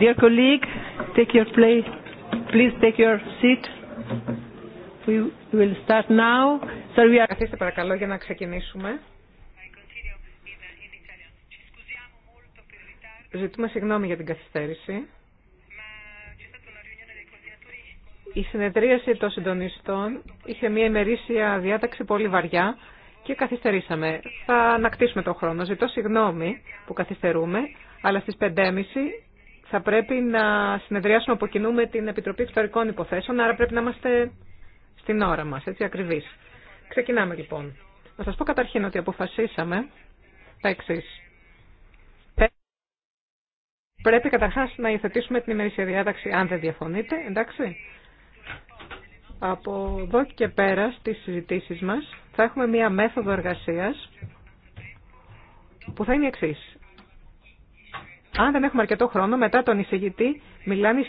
Dear colleague, take your place. Please take your seat. We will start now. So we are... Καθίστε παρακαλώ για να ξεκινήσουμε. Ζητούμε συγγνώμη για την καθυστέρηση. Η συνεδρίαση των συντονιστών είχε μια ημερήσια διάταξη πολύ βαριά και καθυστερήσαμε. Θα ανακτήσουμε τον χρόνο. Ζητώ συγγνώμη που καθυστερούμε, αλλά στις 5.30 θα πρέπει να συνεδριάσουμε από κοινού με την Επιτροπή Εξωτερικών Υποθέσεων, άρα πρέπει να είμαστε στην ώρα μας, έτσι ακριβής. Ξεκινάμε λοιπόν. Να σας πω καταρχήν ότι αποφασίσαμε τα εξή. Πρέπει καταρχάς να υιοθετήσουμε την ημερήσια διάταξη, αν δεν διαφωνείτε, εντάξει. Από εδώ και πέρα στις συζητήσεις μας θα έχουμε μία μέθοδο εργασίας που θα είναι η εξής. Αν δεν έχουμε αρκετό χρόνο, μετά τον εισηγητή μιλάνε ε, οι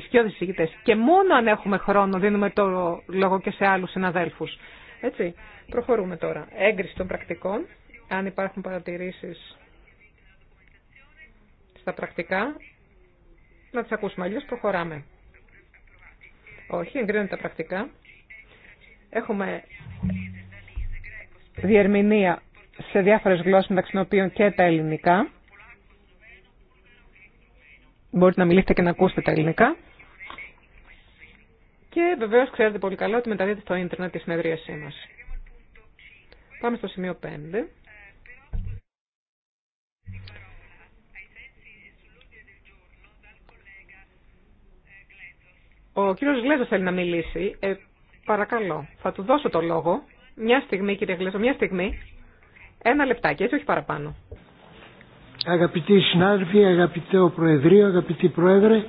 σκιώδεις εισηγητές. Και μόνο αν έχουμε χρόνο δίνουμε το λόγο και σε άλλους συναδέλφου. Έτσι, προχωρούμε τώρα. Έγκριση των πρακτικών, αν υπάρχουν παρατηρήσεις στα πρακτικά, να τι ακούσουμε, αλλιώ, προχωράμε. Όχι, εγκρίνονται τα πρακτικά. Έχουμε διερμηνία σε διάφορες γλώσσες μεταξύ των οποίων και τα ελληνικά μπορείτε να μιλήσετε και να ακούσετε τα ελληνικά. Και βεβαίω ξέρετε πολύ καλά ότι μεταδίδεται στο ίντερνετ τη συνεδρίασή μα. Πάμε στο σημείο 5. Ο κύριος Γλέζος θέλει να μιλήσει. Ε, παρακαλώ, θα του δώσω το λόγο. Μια στιγμή, κύριε Γλέζο, μια στιγμή. Ένα λεπτάκι, έτσι όχι παραπάνω. Αγαπητοί συνάδελφοι, ο Προεδρείο, αγαπητή Πρόεδρε,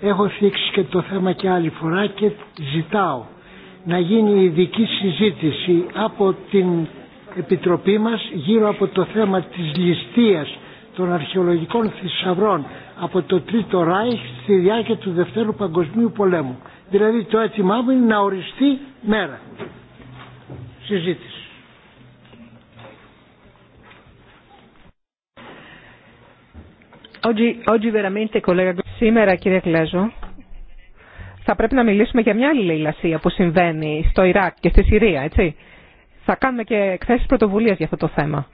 έχω θίξει και το θέμα και άλλη φορά και ζητάω να γίνει ειδική συζήτηση από την Επιτροπή μας γύρω από το θέμα της ληστείας των αρχαιολογικών θησαυρών από το Τρίτο Ράιχ στη διάρκεια του Δευτέρου Παγκοσμίου Πολέμου. Δηλαδή το αίτημά μου είναι να οριστεί μέρα συζήτηση. Σήμερα, κύριε Κλέζο, θα πρέπει να μιλήσουμε για μια άλλη λαϊλασία που συμβαίνει στο Ιράκ και στη Συρία, έτσι. Θα κάνουμε και εκθέσει πρωτοβουλία για αυτό το θέμα.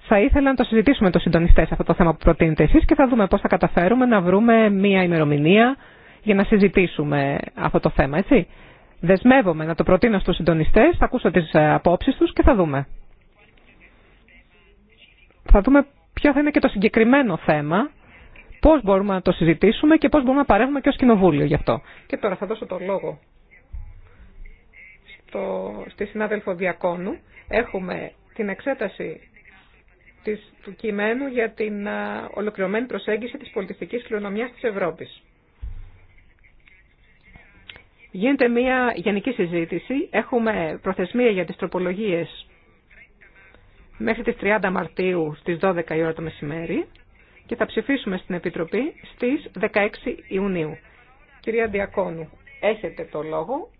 Θα ήθελα να το συζητήσουμε με του συντονιστέ αυτό το θέμα που προτείνετε εσεί και θα δούμε πώ θα καταφέρουμε να βρούμε μία ημερομηνία για να συζητήσουμε αυτό το θέμα, έτσι. Δεσμεύομαι να το προτείνω στου συντονιστέ, θα ακούσω τι ε, απόψει του και θα δούμε. Θα δούμε ποιο θα είναι και το συγκεκριμένο θέμα πώς μπορούμε να το συζητήσουμε και πώς μπορούμε να παρέχουμε και ω κοινοβούλιο γι' αυτό. Και τώρα θα δώσω το λόγο στο, στη συνάδελφο Διακόνου. Έχουμε την εξέταση του κειμένου για την ολοκληρωμένη προσέγγιση της πολιτιστικής κληρονομιάς της Ευρώπης. Γίνεται μια γενική συζήτηση. Έχουμε προθεσμία για τις τροπολογίες μέχρι τις 30 Μαρτίου στις 12 η ώρα το μεσημέρι και θα ψηφίσουμε στην Επιτροπή στις 16 Ιουνίου. Κυρία Διακόνου, έχετε το λόγο.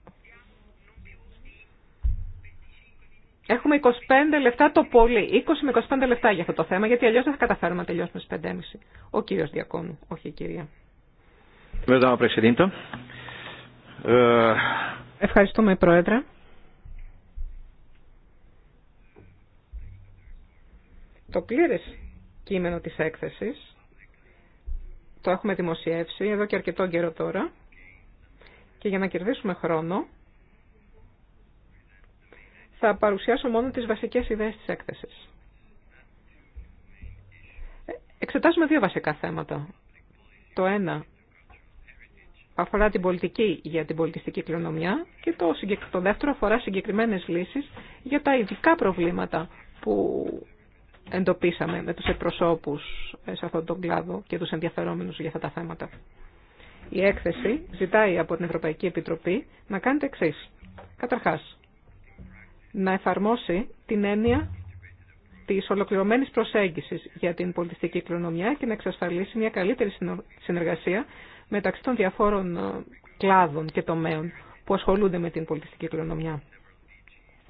Έχουμε 25 λεπτά το πολύ, 20 με 25 λεπτά για αυτό το θέμα, γιατί αλλιώς δεν θα καταφέρουμε να τελειώσουμε στις 5.30. Ο κύριος Διακόνου, όχι η κυρία. Ε, Ευχαριστούμε, Πρόεδρε. Το πλήρες κείμενο της έκθεσης. Το έχουμε δημοσιεύσει εδώ και αρκετό καιρό τώρα. Και για να κερδίσουμε χρόνο, θα παρουσιάσω μόνο τις βασικές ιδέες της έκθεσης. Εξετάζουμε δύο βασικά θέματα. Το ένα αφορά την πολιτική για την πολιτιστική κληρονομιά και το, το δεύτερο αφορά συγκεκριμένες λύσεις για τα ειδικά προβλήματα που εντοπίσαμε με τους εκπροσώπους ε, σε αυτόν τον κλάδο και τους ενδιαφερόμενους για αυτά τα θέματα. Η έκθεση ζητάει από την Ευρωπαϊκή Επιτροπή να κάνει το εξή. Καταρχάς, να εφαρμόσει την έννοια της ολοκληρωμένης προσέγγισης για την πολιτιστική κληρονομιά και να εξασφαλίσει μια καλύτερη συνεργασία μεταξύ των διαφόρων ε, κλάδων και τομέων που ασχολούνται με την πολιτιστική κληρονομιά.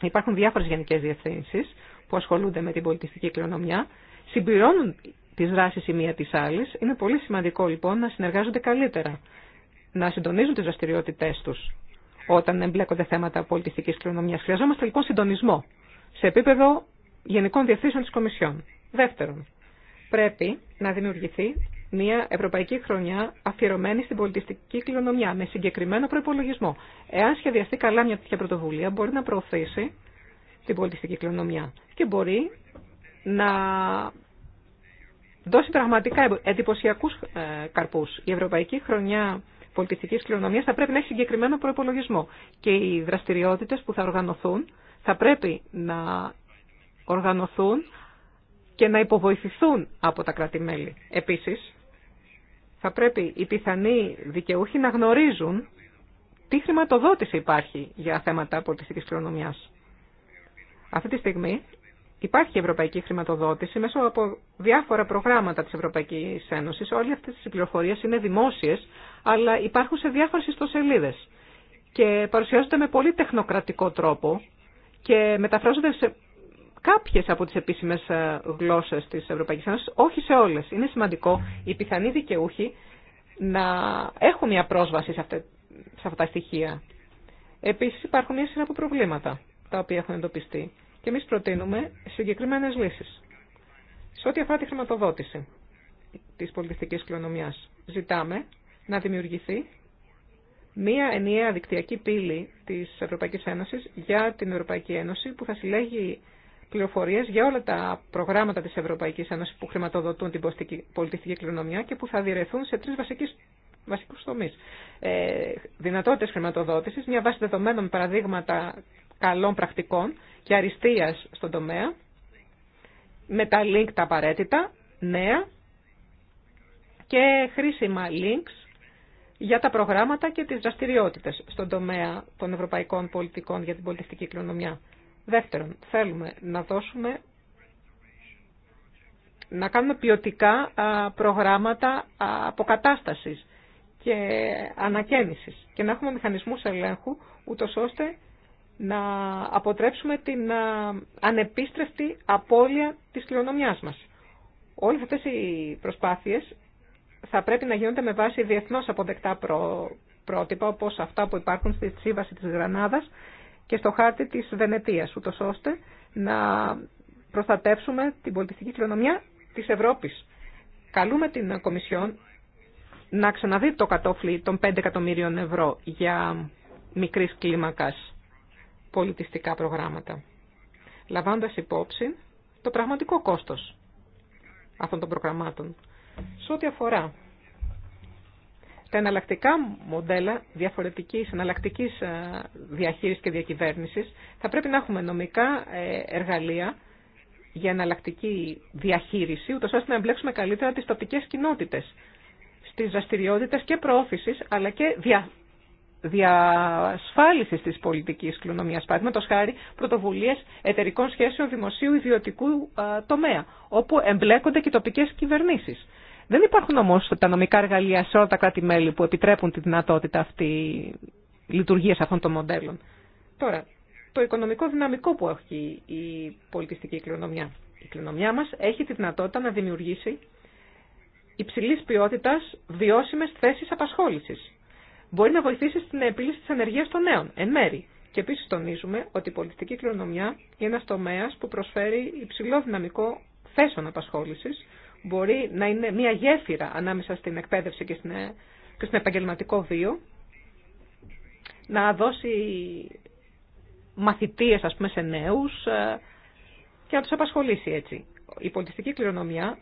Υπάρχουν διάφορες γενικές διευθύνσεις που ασχολούνται με την πολιτιστική κληρονομιά, συμπληρώνουν τι δράσει η μία τη άλλη. Είναι πολύ σημαντικό λοιπόν να συνεργάζονται καλύτερα, να συντονίζουν τι δραστηριότητέ του όταν εμπλέκονται θέματα πολιτιστική κληρονομιά. Χρειαζόμαστε λοιπόν συντονισμό σε επίπεδο γενικών διευθύνσεων τη Κομισιόν. Δεύτερον, πρέπει να δημιουργηθεί μια ευρωπαϊκή χρονιά αφιερωμένη στην πολιτιστική κληρονομιά με συγκεκριμένο προπολογισμό. Εάν σχεδιαστεί καλά μια τέτοια πρωτοβουλία, μπορεί να προωθήσει την πολιτιστική κληρονομιά και μπορεί να δώσει πραγματικά εντυπωσιακού ε, καρπούς. Η Ευρωπαϊκή Χρονιά Πολιτιστικής Κληρονομιάς θα πρέπει να έχει συγκεκριμένο προπολογισμό. και οι δραστηριότητες που θα οργανωθούν θα πρέπει να οργανωθούν και να υποβοηθηθούν από τα κράτη-μέλη. Επίσης, θα πρέπει οι πιθανοί δικαιούχοι να γνωρίζουν τι χρηματοδότηση υπάρχει για θέματα πολιτιστικής κληρονομιάς. Αυτή τη στιγμή υπάρχει ευρωπαϊκή χρηματοδότηση μέσω από διάφορα προγράμματα της Ευρωπαϊκής Ένωσης. Όλες αυτές τις πληροφορίες είναι δημόσιες, αλλά υπάρχουν σε διάφορες ιστοσελίδες και παρουσιάζονται με πολύ τεχνοκρατικό τρόπο και μεταφράζονται σε κάποιες από τις επίσημες ε, γλώσσες της Ευρωπαϊκής Ένωσης, όχι σε όλες. Είναι σημαντικό οι πιθανοί δικαιούχοι να έχουν μια πρόσβαση σε αυτά τα στοιχεία. Επίσης υπάρχουν μια σειρά από προβλήματα τα οποία έχουν εντοπιστεί και εμείς προτείνουμε συγκεκριμένες λύσεις. Σε ό,τι αφορά τη χρηματοδότηση της πολιτιστικής κληρονομιάς, ζητάμε να δημιουργηθεί μία ενιαία δικτυακή πύλη της Ευρωπαϊκής Ένωσης για την Ευρωπαϊκή Ένωση που θα συλλέγει πληροφορίες για όλα τα προγράμματα της Ευρωπαϊκής Ένωσης που χρηματοδοτούν την πολιτιστική κληρονομιά και που θα διαιρεθούν σε τρεις βασικές βασικούς τομείς. Ε, δυνατότητες χρηματοδότησης, μια βάση δεδομένων παραδείγματα καλών πρακτικών και αριστείας στον τομέα, με τα link τα απαραίτητα, νέα και χρήσιμα links για τα προγράμματα και τις δραστηριότητες στον τομέα των ευρωπαϊκών πολιτικών για την πολιτιστική κληρονομιά. Δεύτερον, θέλουμε να δώσουμε να κάνουμε ποιοτικά προγράμματα αποκατάστασης και ανακαίνησης και να έχουμε μηχανισμούς ελέγχου ούτως ώστε να αποτρέψουμε την ανεπίστρεφτη απώλεια της κληρονομιάς μας. Όλες αυτές οι προσπάθειες θα πρέπει να γίνονται με βάση διεθνώς αποδεκτά πρότυπα, όπως αυτά που υπάρχουν στη σύμβαση της Γρανάδας και στο χάρτη της Βενετίας, ούτως ώστε να προστατεύσουμε την πολιτιστική κληρονομιά της Ευρώπης. Καλούμε την Κομισιόν να ξαναδεί το κατόφλι των 5 εκατομμύριων ευρώ για μικρής κλίμακας πολιτιστικά προγράμματα, λαμβάνοντας υπόψη το πραγματικό κόστος αυτών των προγραμμάτων. Σε ό,τι αφορά τα εναλλακτικά μοντέλα διαφορετικής εναλλακτική ε, διαχείρισης και διακυβέρνησης, θα πρέπει να έχουμε νομικά ε, εργαλεία για εναλλακτική διαχείριση, ούτως ώστε να εμπλέξουμε καλύτερα τις τοπικές κοινότητες στις δραστηριότητε και προώθησης, αλλά και δια, διασφάλισης της πολιτικής κληρονομιάς, το χάρη πρωτοβουλίες εταιρικών σχέσεων δημοσίου ιδιωτικού τομέα, όπου εμπλέκονται και τοπικές κυβερνήσεις. Δεν υπάρχουν όμως τα νομικά εργαλεία σε όλα τα κράτη-μέλη που επιτρέπουν τη δυνατότητα αυτή λειτουργίας αυτών των μοντέλων. Τώρα, το οικονομικό δυναμικό που έχει η πολιτιστική κληρονομιά. Η κληρονομιά μας έχει τη δυνατότητα να δημιουργήσει υψηλής ποιότητας βιώσιμες θέσεις απασχόλησης μπορεί να βοηθήσει στην επίλυση τη ανεργία των νέων, εν μέρη. Και επίση τονίζουμε ότι η πολιτιστική κληρονομιά είναι ένα τομέα που προσφέρει υψηλό δυναμικό θέσεων απασχόληση, μπορεί να είναι μια γέφυρα ανάμεσα στην εκπαίδευση και στην, ε, και στην επαγγελματικό βίο, να δώσει μαθητείες ας πούμε σε νέους ε, και να τους απασχολήσει έτσι. Η πολιτιστική κληρονομιά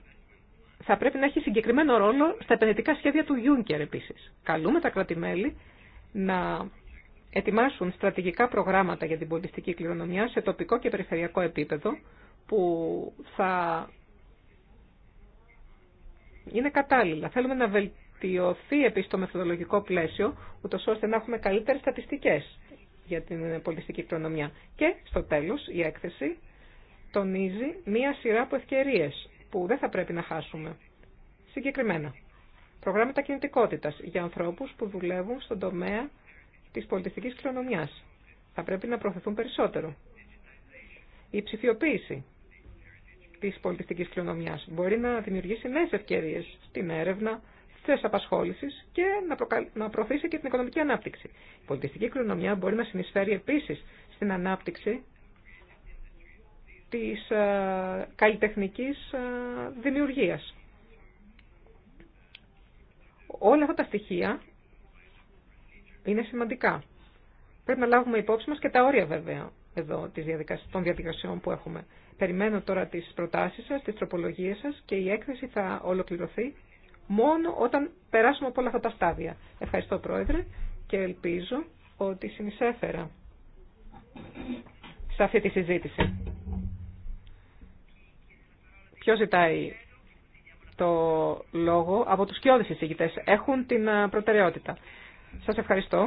θα πρέπει να έχει συγκεκριμένο ρόλο στα επενδυτικά σχέδια του Juncker επίσης. Καλούμε τα κράτη-μέλη να ετοιμάσουν στρατηγικά προγράμματα για την πολιτιστική κληρονομιά σε τοπικό και περιφερειακό επίπεδο που θα είναι κατάλληλα. Θέλουμε να βελτιωθεί επίσης το μεθοδολογικό πλαίσιο, ούτω ώστε να έχουμε καλύτερες στατιστικές για την πολιτιστική κληρονομιά. Και στο τέλος η έκθεση τονίζει μία σειρά από ευκαιρίες που δεν θα πρέπει να χάσουμε. Συγκεκριμένα, προγράμματα κινητικότητας για ανθρώπους που δουλεύουν στον τομέα της πολιτιστική κληρονομιά. Θα πρέπει να προωθηθούν περισσότερο. Η ψηφιοποίηση τη πολιτιστική κληρονομιά μπορεί να δημιουργήσει νέες ευκαιρίε στην έρευνα, θέσει απασχόληση και να προωθήσει και την οικονομική ανάπτυξη. Η πολιτιστική κληρονομιά μπορεί να συνεισφέρει επίση στην ανάπτυξη της ε, καλλιτεχνικής ε, δημιουργίας. Όλα αυτά τα στοιχεία είναι σημαντικά. Πρέπει να λάβουμε υπόψη μας και τα όρια βέβαια εδώ των διαδικασιών που έχουμε. Περιμένω τώρα τις προτάσεις σας, τις τροπολογίες σας και η έκθεση θα ολοκληρωθεί μόνο όταν περάσουμε από όλα αυτά τα στάδια. Ευχαριστώ Πρόεδρε και ελπίζω ότι συνεισέφερα σε αυτή τη συζήτηση. Ποιο ζητάει το λόγο από τους κοιόδης εισηγητές. Έχουν την προτεραιότητα. Σας ευχαριστώ.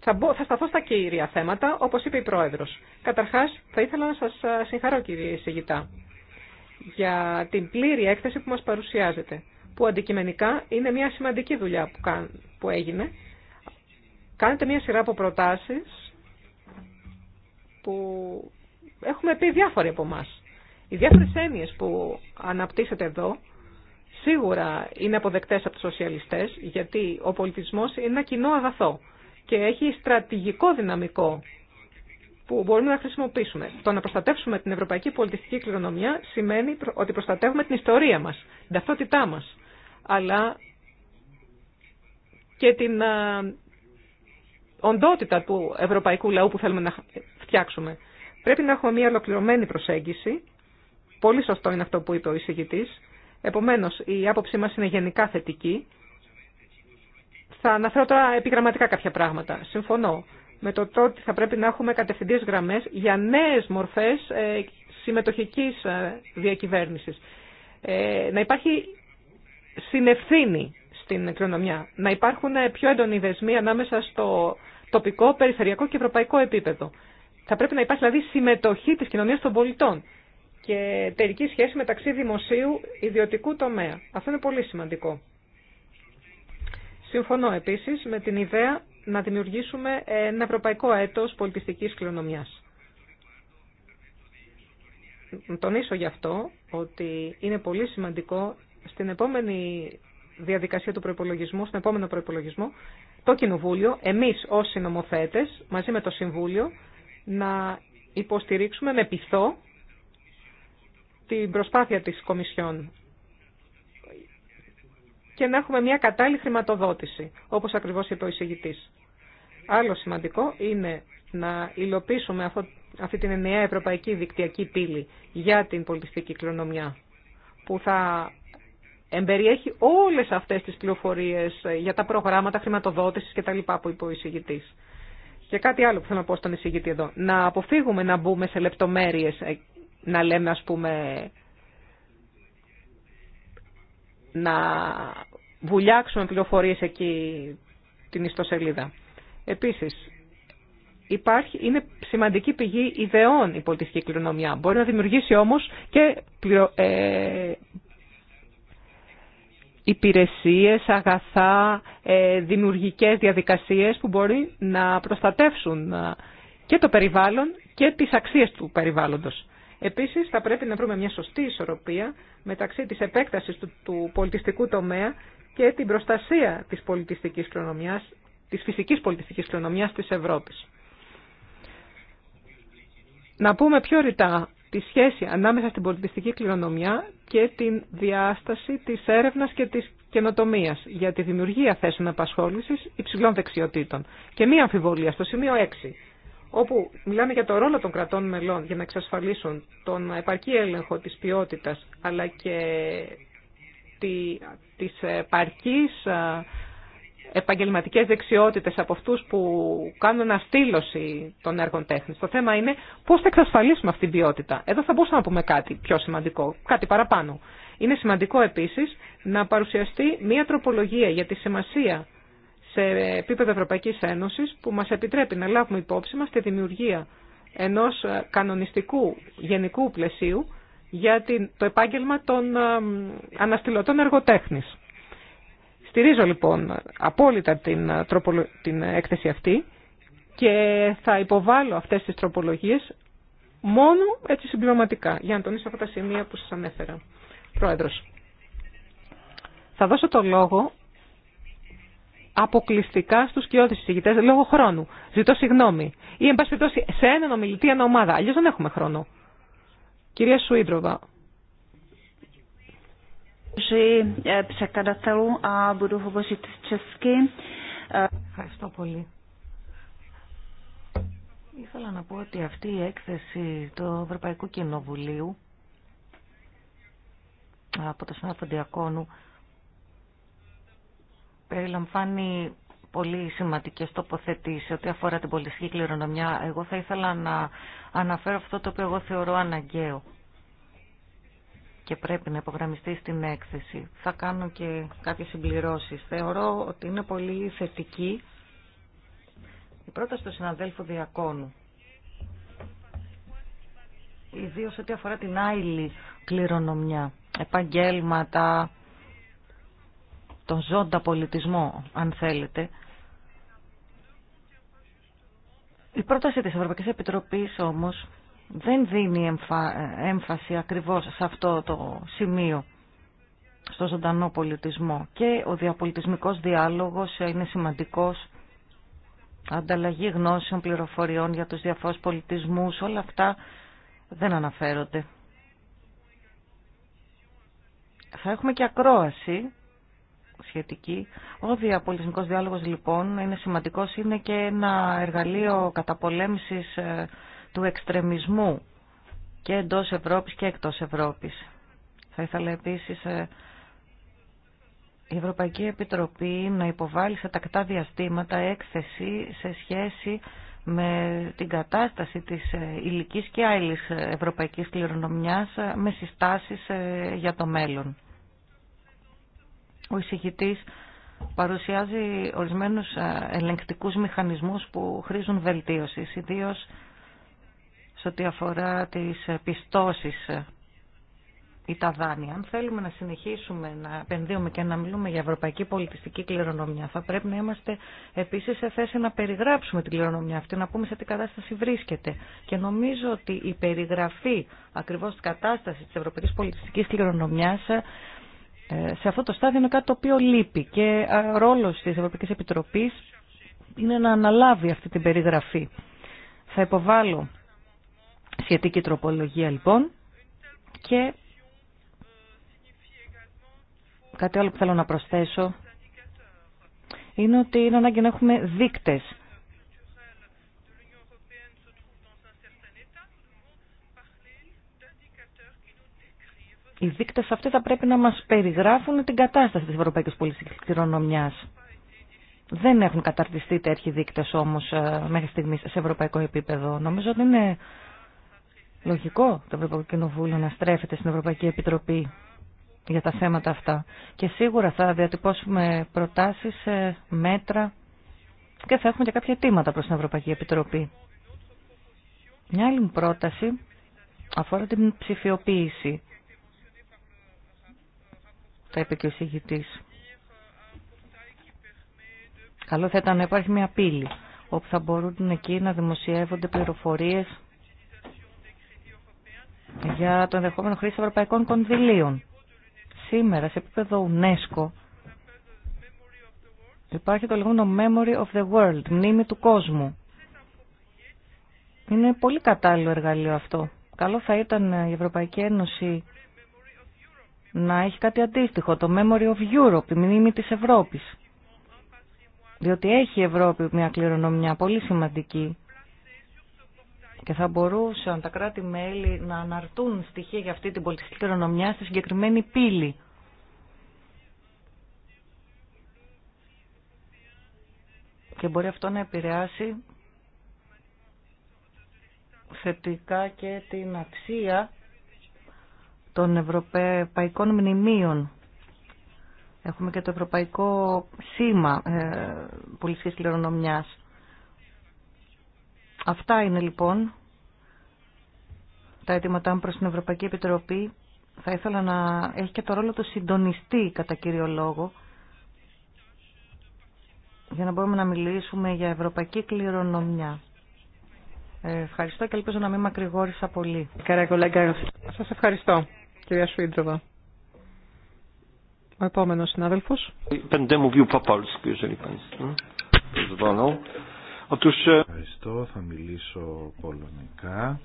Θα, θα σταθώ στα κύρια θέματα, όπως είπε η Πρόεδρος. Καταρχάς, θα ήθελα να σας συγχαρώ, κύριε εισηγητά, για την πλήρη έκθεση που μας παρουσιάζεται, που αντικειμενικά είναι μια σημαντική δουλειά που έγινε. Κάνετε μια σειρά από προτάσεις που έχουμε πει διάφοροι από εμά. Οι διάφορε έννοιες που αναπτύσσεται εδώ σίγουρα είναι αποδεκτές από τους σοσιαλιστές γιατί ο πολιτισμός είναι ένα κοινό αγαθό και έχει στρατηγικό δυναμικό που μπορούμε να χρησιμοποιήσουμε. Το να προστατεύσουμε την ευρωπαϊκή πολιτιστική κληρονομιά σημαίνει ότι προστατεύουμε την ιστορία μα, την ταυτότητά μα. αλλά και την ε, οντότητα του ευρωπαϊκού λαού που θέλουμε να φτιάξουμε. Πρέπει να έχουμε μια ολοκληρωμένη προσέγγιση. Πολύ σωστό είναι αυτό που είπε ο εισηγητή. Επομένω, η άποψή μα είναι γενικά θετική. Θα αναφέρω τώρα επιγραμματικά κάποια πράγματα. Συμφωνώ με το ότι θα πρέπει να έχουμε κατευθυντέ γραμμέ για νέες μορφές ε, συμμετοχική ε, διακυβέρνηση. Ε, να υπάρχει συνευθύνη στην κληρονομιά. Να υπάρχουν πιο έντονοι δεσμοί ανάμεσα στο τοπικό, περιφερειακό και ευρωπαϊκό επίπεδο. Θα πρέπει να υπάρχει δηλαδή συμμετοχή της κοινωνίας των πολιτών και εταιρική σχέση μεταξύ δημοσίου ιδιωτικού τομέα. Αυτό είναι πολύ σημαντικό. Συμφωνώ επίσης με την ιδέα να δημιουργήσουμε ένα ευρωπαϊκό έτο πολιτιστικής κληρονομιάς. Τονίσω γι' αυτό ότι είναι πολύ σημαντικό στην επόμενη διαδικασία του προπολογισμού, στον επόμενο προπολογισμό, το Κοινοβούλιο, εμείς ως συνομοθέτες, μαζί με το Συμβούλιο, να υποστηρίξουμε με πιστό την προσπάθεια της Κομισιόν και να έχουμε μια κατάλληλη χρηματοδότηση, όπως ακριβώς είπε ο εισηγητής. Άλλο σημαντικό είναι να υλοποιήσουμε αυτή την νέα ευρωπαϊκή δικτυακή πύλη για την πολιτιστική κληρονομιά, που θα εμπεριέχει όλες αυτές τις πληροφορίες για τα προγράμματα χρηματοδότησης και που είπε ο εισηγητής. Και κάτι άλλο που θέλω να πω στον εισηγητή εδώ. Να αποφύγουμε να μπούμε σε λεπτομέρειες, ε, να λέμε ας πούμε να βουλιάξουμε πληροφορίες εκεί την ιστοσελίδα. Επίσης, υπάρχει, είναι σημαντική πηγή ιδεών η πολιτιστική κληρονομιά. Μπορεί να δημιουργήσει όμως και ε, υπηρεσίες, αγαθά, ε, δημιουργικές διαδικασίες που μπορεί να προστατεύσουν ε, και το περιβάλλον και τις αξίες του περιβάλλοντος. Επίσης θα πρέπει να βρούμε μια σωστή ισορροπία μεταξύ της επέκτασης του, πολιτιστικού τομέα και την προστασία της πολιτιστικής κληρονομιάς, της φυσικής πολιτιστικής κληρονομιάς της Ευρώπης. Να πούμε πιο ρητά τη σχέση ανάμεσα στην πολιτιστική κληρονομιά και την διάσταση της έρευνας και της καινοτομίας για τη δημιουργία θέσεων απασχόλησης υψηλών δεξιοτήτων. Και μία αμφιβολία στο σημείο 6 όπου μιλάμε για το ρόλο των κρατών μελών για να εξασφαλίσουν τον επαρκή έλεγχο της ποιότητας αλλά και της επαρκής επαγγελματικές δεξιότητες από αυτούς που κάνουν αναστήλωση των έργων τέχνης. Το θέμα είναι πώς θα εξασφαλίσουμε αυτή την ποιότητα. Εδώ θα μπορούσαμε να πούμε κάτι πιο σημαντικό, κάτι παραπάνω. Είναι σημαντικό επίσης να παρουσιαστεί μια τροπολογία για τη σημασία σε επίπεδο Ευρωπαϊκής Ένωσης που μας επιτρέπει να λάβουμε υπόψη μας τη δημιουργία ενός κανονιστικού γενικού πλαισίου για το επάγγελμα των ε, αναστηλωτών εργοτέχνης. Στηρίζω λοιπόν απόλυτα την, ε, την έκθεση αυτή και θα υποβάλω αυτές τις τροπολογίες μόνο έτσι συμπληρωματικά, για να τονίσω αυτά τα σημεία που σας ανέφερα. Πρόεδρος, θα δώσω το λόγο αποκλειστικά στους κοιότητες συζητητές λόγω χρόνου. Ζητώ συγγνώμη. Ή, εν πάση περιπτώσει, σε έναν ομιλητή, ένα ομάδα. Αλλιώς δεν έχουμε χρόνο. Κυρία Σουίντροβα, Eh, překladatelů a Ευχαριστώ πολύ. Ήθελα να πω ότι αυτή η έκθεση του Ευρωπαϊκού Κοινοβουλίου από το Σνάρφο Διακόνου περιλαμβάνει πολύ σημαντικές τοποθετήσεις ό,τι αφορά την πολιτική κληρονομιά. Εγώ θα ήθελα να αναφέρω αυτό το οποίο εγώ θεωρώ αναγκαίο και πρέπει να υπογραμμιστεί στην έκθεση. Θα κάνω και κάποιες συμπληρώσεις. Θεωρώ ότι είναι πολύ θετική η πρόταση του συναδέλφου Διακόνου. Ιδίως ό,τι αφορά την άειλη κληρονομιά, επαγγέλματα, τον ζώντα πολιτισμό, αν θέλετε. Η πρόταση της Ευρωπαϊκής Επιτροπής όμως δεν δίνει έμφαση ακριβώς σε αυτό το σημείο στο ζωντανό πολιτισμό και ο διαπολιτισμικός διάλογος είναι σημαντικός ανταλλαγή γνώσεων, πληροφοριών για τους διαφόρους πολιτισμούς, όλα αυτά δεν αναφέρονται. Θα έχουμε και ακρόαση σχετική. Ο διαπολιτισμικός διάλογος λοιπόν είναι σημαντικός, είναι και ένα εργαλείο καταπολέμησης ε, του εξτρεμισμού και εντός Ευρώπης και εκτός Ευρώπης. Θα ήθελα επίσης ε, η Ευρωπαϊκή Επιτροπή να υποβάλει σε τακτά διαστήματα έκθεση σε σχέση με την κατάσταση της ε, ηλικής και άλλης ευρωπαϊκής κληρονομιάς ε, με συστάσεις για το μέλλον. Ο εισηγητής παρουσιάζει ορισμένους ελεγκτικούς μηχανισμούς που χρήζουν βελτίωση, ιδίως σε ό,τι αφορά τις ε, πιστώσεις ε, ή τα δάνεια. Αν θέλουμε να συνεχίσουμε να επενδύουμε και να μιλούμε για ευρωπαϊκή πολιτιστική κληρονομιά, θα πρέπει να είμαστε επίσης σε θέση να περιγράψουμε την κληρονομιά αυτή, να πούμε σε τι κατάσταση βρίσκεται. Και νομίζω ότι η περιγραφή ακριβώς της κατάστασης της ευρωπαϊκής πολιτιστικής κληρονομιάς ε, σε αυτό το στάδιο είναι κάτι το οποίο λείπει και ο ρόλος της Ευρωπαϊκής Επιτροπής είναι να αναλάβει αυτή την περιγραφή. Θα υποβάλω Σχετική τροπολογία λοιπόν και κάτι άλλο που θέλω να προσθέσω είναι ότι είναι ανάγκη να έχουμε δείκτες Οι δείκτες αυτοί θα πρέπει να μας περιγράφουν την κατάσταση της Ευρωπαϊκής Πολιτικής Κληρονομιάς. Δεν έχουν καταρτιστεί τέτοιοι δείκτες όμως ε, μέχρι στιγμής σε ευρωπαϊκό επίπεδο. Νομίζω ότι είναι λογικό το Ευρωπαϊκό Κοινοβούλιο να στρέφεται στην Ευρωπαϊκή Επιτροπή για τα θέματα αυτά. Και σίγουρα θα διατυπώσουμε προτάσεις, ε, μέτρα και θα έχουμε και κάποια αιτήματα προς την Ευρωπαϊκή Επιτροπή. Μια άλλη μου πρόταση αφορά την ψηφιοποίηση. θα είπε και ο συγητής. Καλό θα ήταν να υπάρχει μια πύλη όπου θα μπορούν εκεί να δημοσιεύονται πληροφορίες για το ενδεχόμενο χρήση ευρωπαϊκών κονδυλίων. Σήμερα, σε επίπεδο UNESCO, υπάρχει το λεγόμενο Memory of the World, μνήμη του κόσμου. Είναι πολύ κατάλληλο εργαλείο αυτό. Καλό θα ήταν η Ευρωπαϊκή Ένωση να έχει κάτι αντίστοιχο, το Memory of Europe, η μνήμη της Ευρώπης. Διότι έχει η Ευρώπη μια κληρονομιά πολύ σημαντική και θα μπορούσαν τα κράτη-μέλη να αναρτούν στοιχεία για αυτή την πολιτική κληρονομιά στη συγκεκριμένη πύλη. Και μπορεί αυτό να επηρεάσει θετικά και την αξία των ευρωπαϊκών μνημείων. Έχουμε και το ευρωπαϊκό σήμα ε, πολιτικής κληρονομιάς. Αυτά είναι λοιπόν τα αιτήματά μου προς την Ευρωπαϊκή Επιτροπή. Θα ήθελα να έχει και το ρόλο του συντονιστή κατά κύριο λόγο για να μπορούμε να μιλήσουμε για ευρωπαϊκή κληρονομιά. Ε, ευχαριστώ και ελπίζω να μην μακρηγόρησα πολύ. Σας ευχαριστώ, κυρία Σφίτροβα. Ο επόμενος συνάδελφος. Ε, Ευχαριστώ, θα μιλήσω πολωνικά.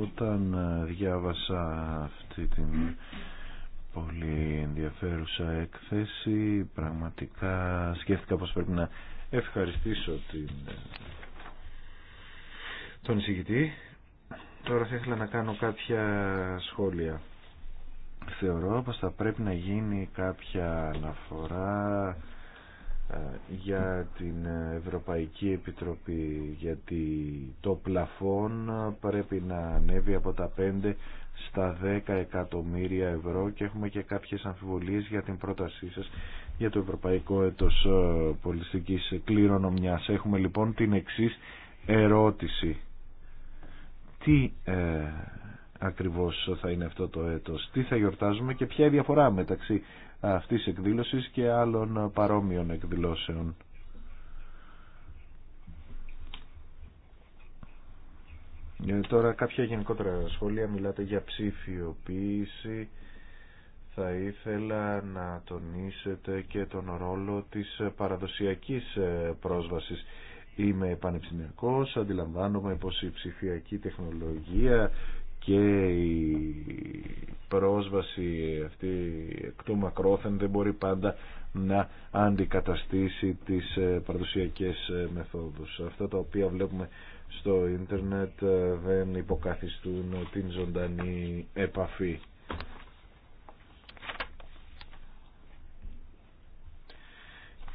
Όταν ε, διάβασα αυτή την πολύ ενδιαφέρουσα έκθεση, πραγματικά σκέφτηκα πως πρέπει να ευχαριστήσω την... τον εισηγητή. Τώρα θα ήθελα να κάνω κάποια σχόλια. Θεωρώ πως θα πρέπει να γίνει κάποια αναφορά για την Ευρωπαϊκή Επιτροπή γιατί το πλαφόν πρέπει να ανέβει από τα 5 στα 10 εκατομμύρια ευρώ και έχουμε και κάποιες αμφιβολίες για την πρότασή σας για το Ευρωπαϊκό Έτος Πολιστικής Κληρονομιάς. Έχουμε λοιπόν την εξής ερώτηση. Τι ε, ακριβώς θα είναι αυτό το έτος, τι θα γιορτάζουμε και ποια η διαφορά μεταξύ αυτής εκδήλωσης και άλλων παρόμοιων εκδηλώσεων. Ε, τώρα κάποια γενικότερα σχόλια μιλάτε για ψηφιοποίηση. Θα ήθελα να τονίσετε και τον ρόλο της παραδοσιακής ε, πρόσβασης. Είμαι πανεπιστημιακός, αντιλαμβάνομαι πως η ψηφιακή τεχνολογία και η πρόσβαση αυτή εκ του μακρόθεν δεν μπορεί πάντα να αντικαταστήσει τις ε, παραδοσιακές ε, μεθόδους. Αυτά τα οποία βλέπουμε στο ίντερνετ ε, δεν υποκαθιστούν την ζωντανή επαφή.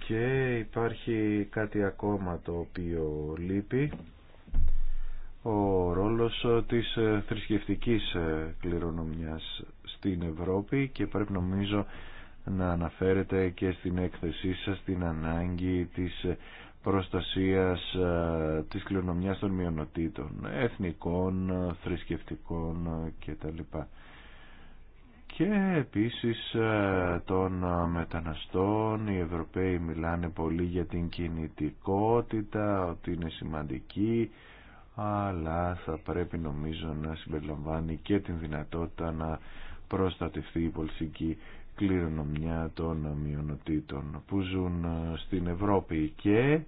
Και υπάρχει κάτι ακόμα το οποίο λείπει ο ρόλος ε, της ε, θρησκευτικής ε, κληρονομιάς στην Ευρώπη και πρέπει νομίζω να αναφέρετε και στην έκθεσή σας την ανάγκη της προστασίας της κληρονομιάς των μειονοτήτων, εθνικών, θρησκευτικών κτλ. Και επίσης των μεταναστών, οι Ευρωπαίοι μιλάνε πολύ για την κινητικότητα, ότι είναι σημαντική, αλλά θα πρέπει νομίζω να συμπεριλαμβάνει και την δυνατότητα να προστατευτεί η πολιτική κληρονομιά των μειονοτήτων που ζουν ε, στην Ευρώπη και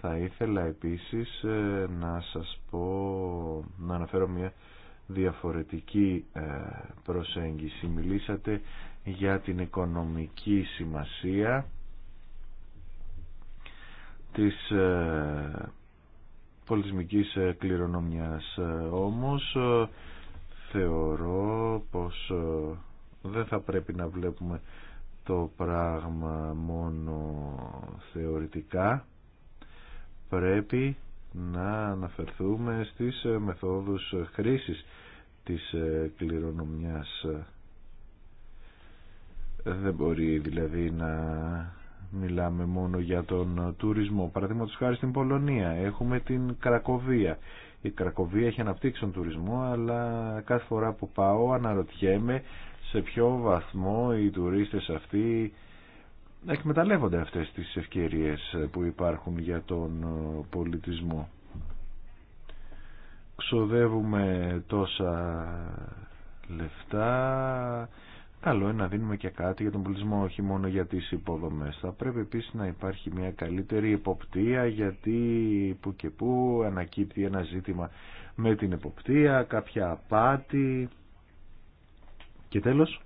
θα ήθελα επίσης ε, να σας πω, να αναφέρω μια διαφορετική ε, προσέγγιση. Μιλήσατε για την οικονομική σημασία της πολιτισμικής ε, κληρονομιάς. Ε, όμως ε, θεωρώ πως δεν θα πρέπει να βλέπουμε το πράγμα μόνο θεωρητικά. Πρέπει να αναφερθούμε στις μεθόδους χρήσης της κληρονομιάς. Δεν μπορεί δηλαδή να μιλάμε μόνο για τον τουρισμό. Παραδείγματο χάρη στην Πολωνία έχουμε την Κρακοβία. Η Κρακοβία έχει αναπτύξει τον τουρισμό, αλλά κάθε φορά που πάω αναρωτιέμαι σε ποιο βαθμό οι τουρίστες αυτοί εκμεταλλεύονται αυτέ τις ευκαιρίε που υπάρχουν για τον πολιτισμό. Ξοδεύουμε τόσα λεφτά καλό είναι να δίνουμε και κάτι για τον πολιτισμό, όχι μόνο για τις υποδομές. Θα πρέπει επίσης να υπάρχει μια καλύτερη υποπτία, γιατί που και που ανακύπτει ένα ζήτημα με την υποπτία, κάποια απάτη. Και τέλος.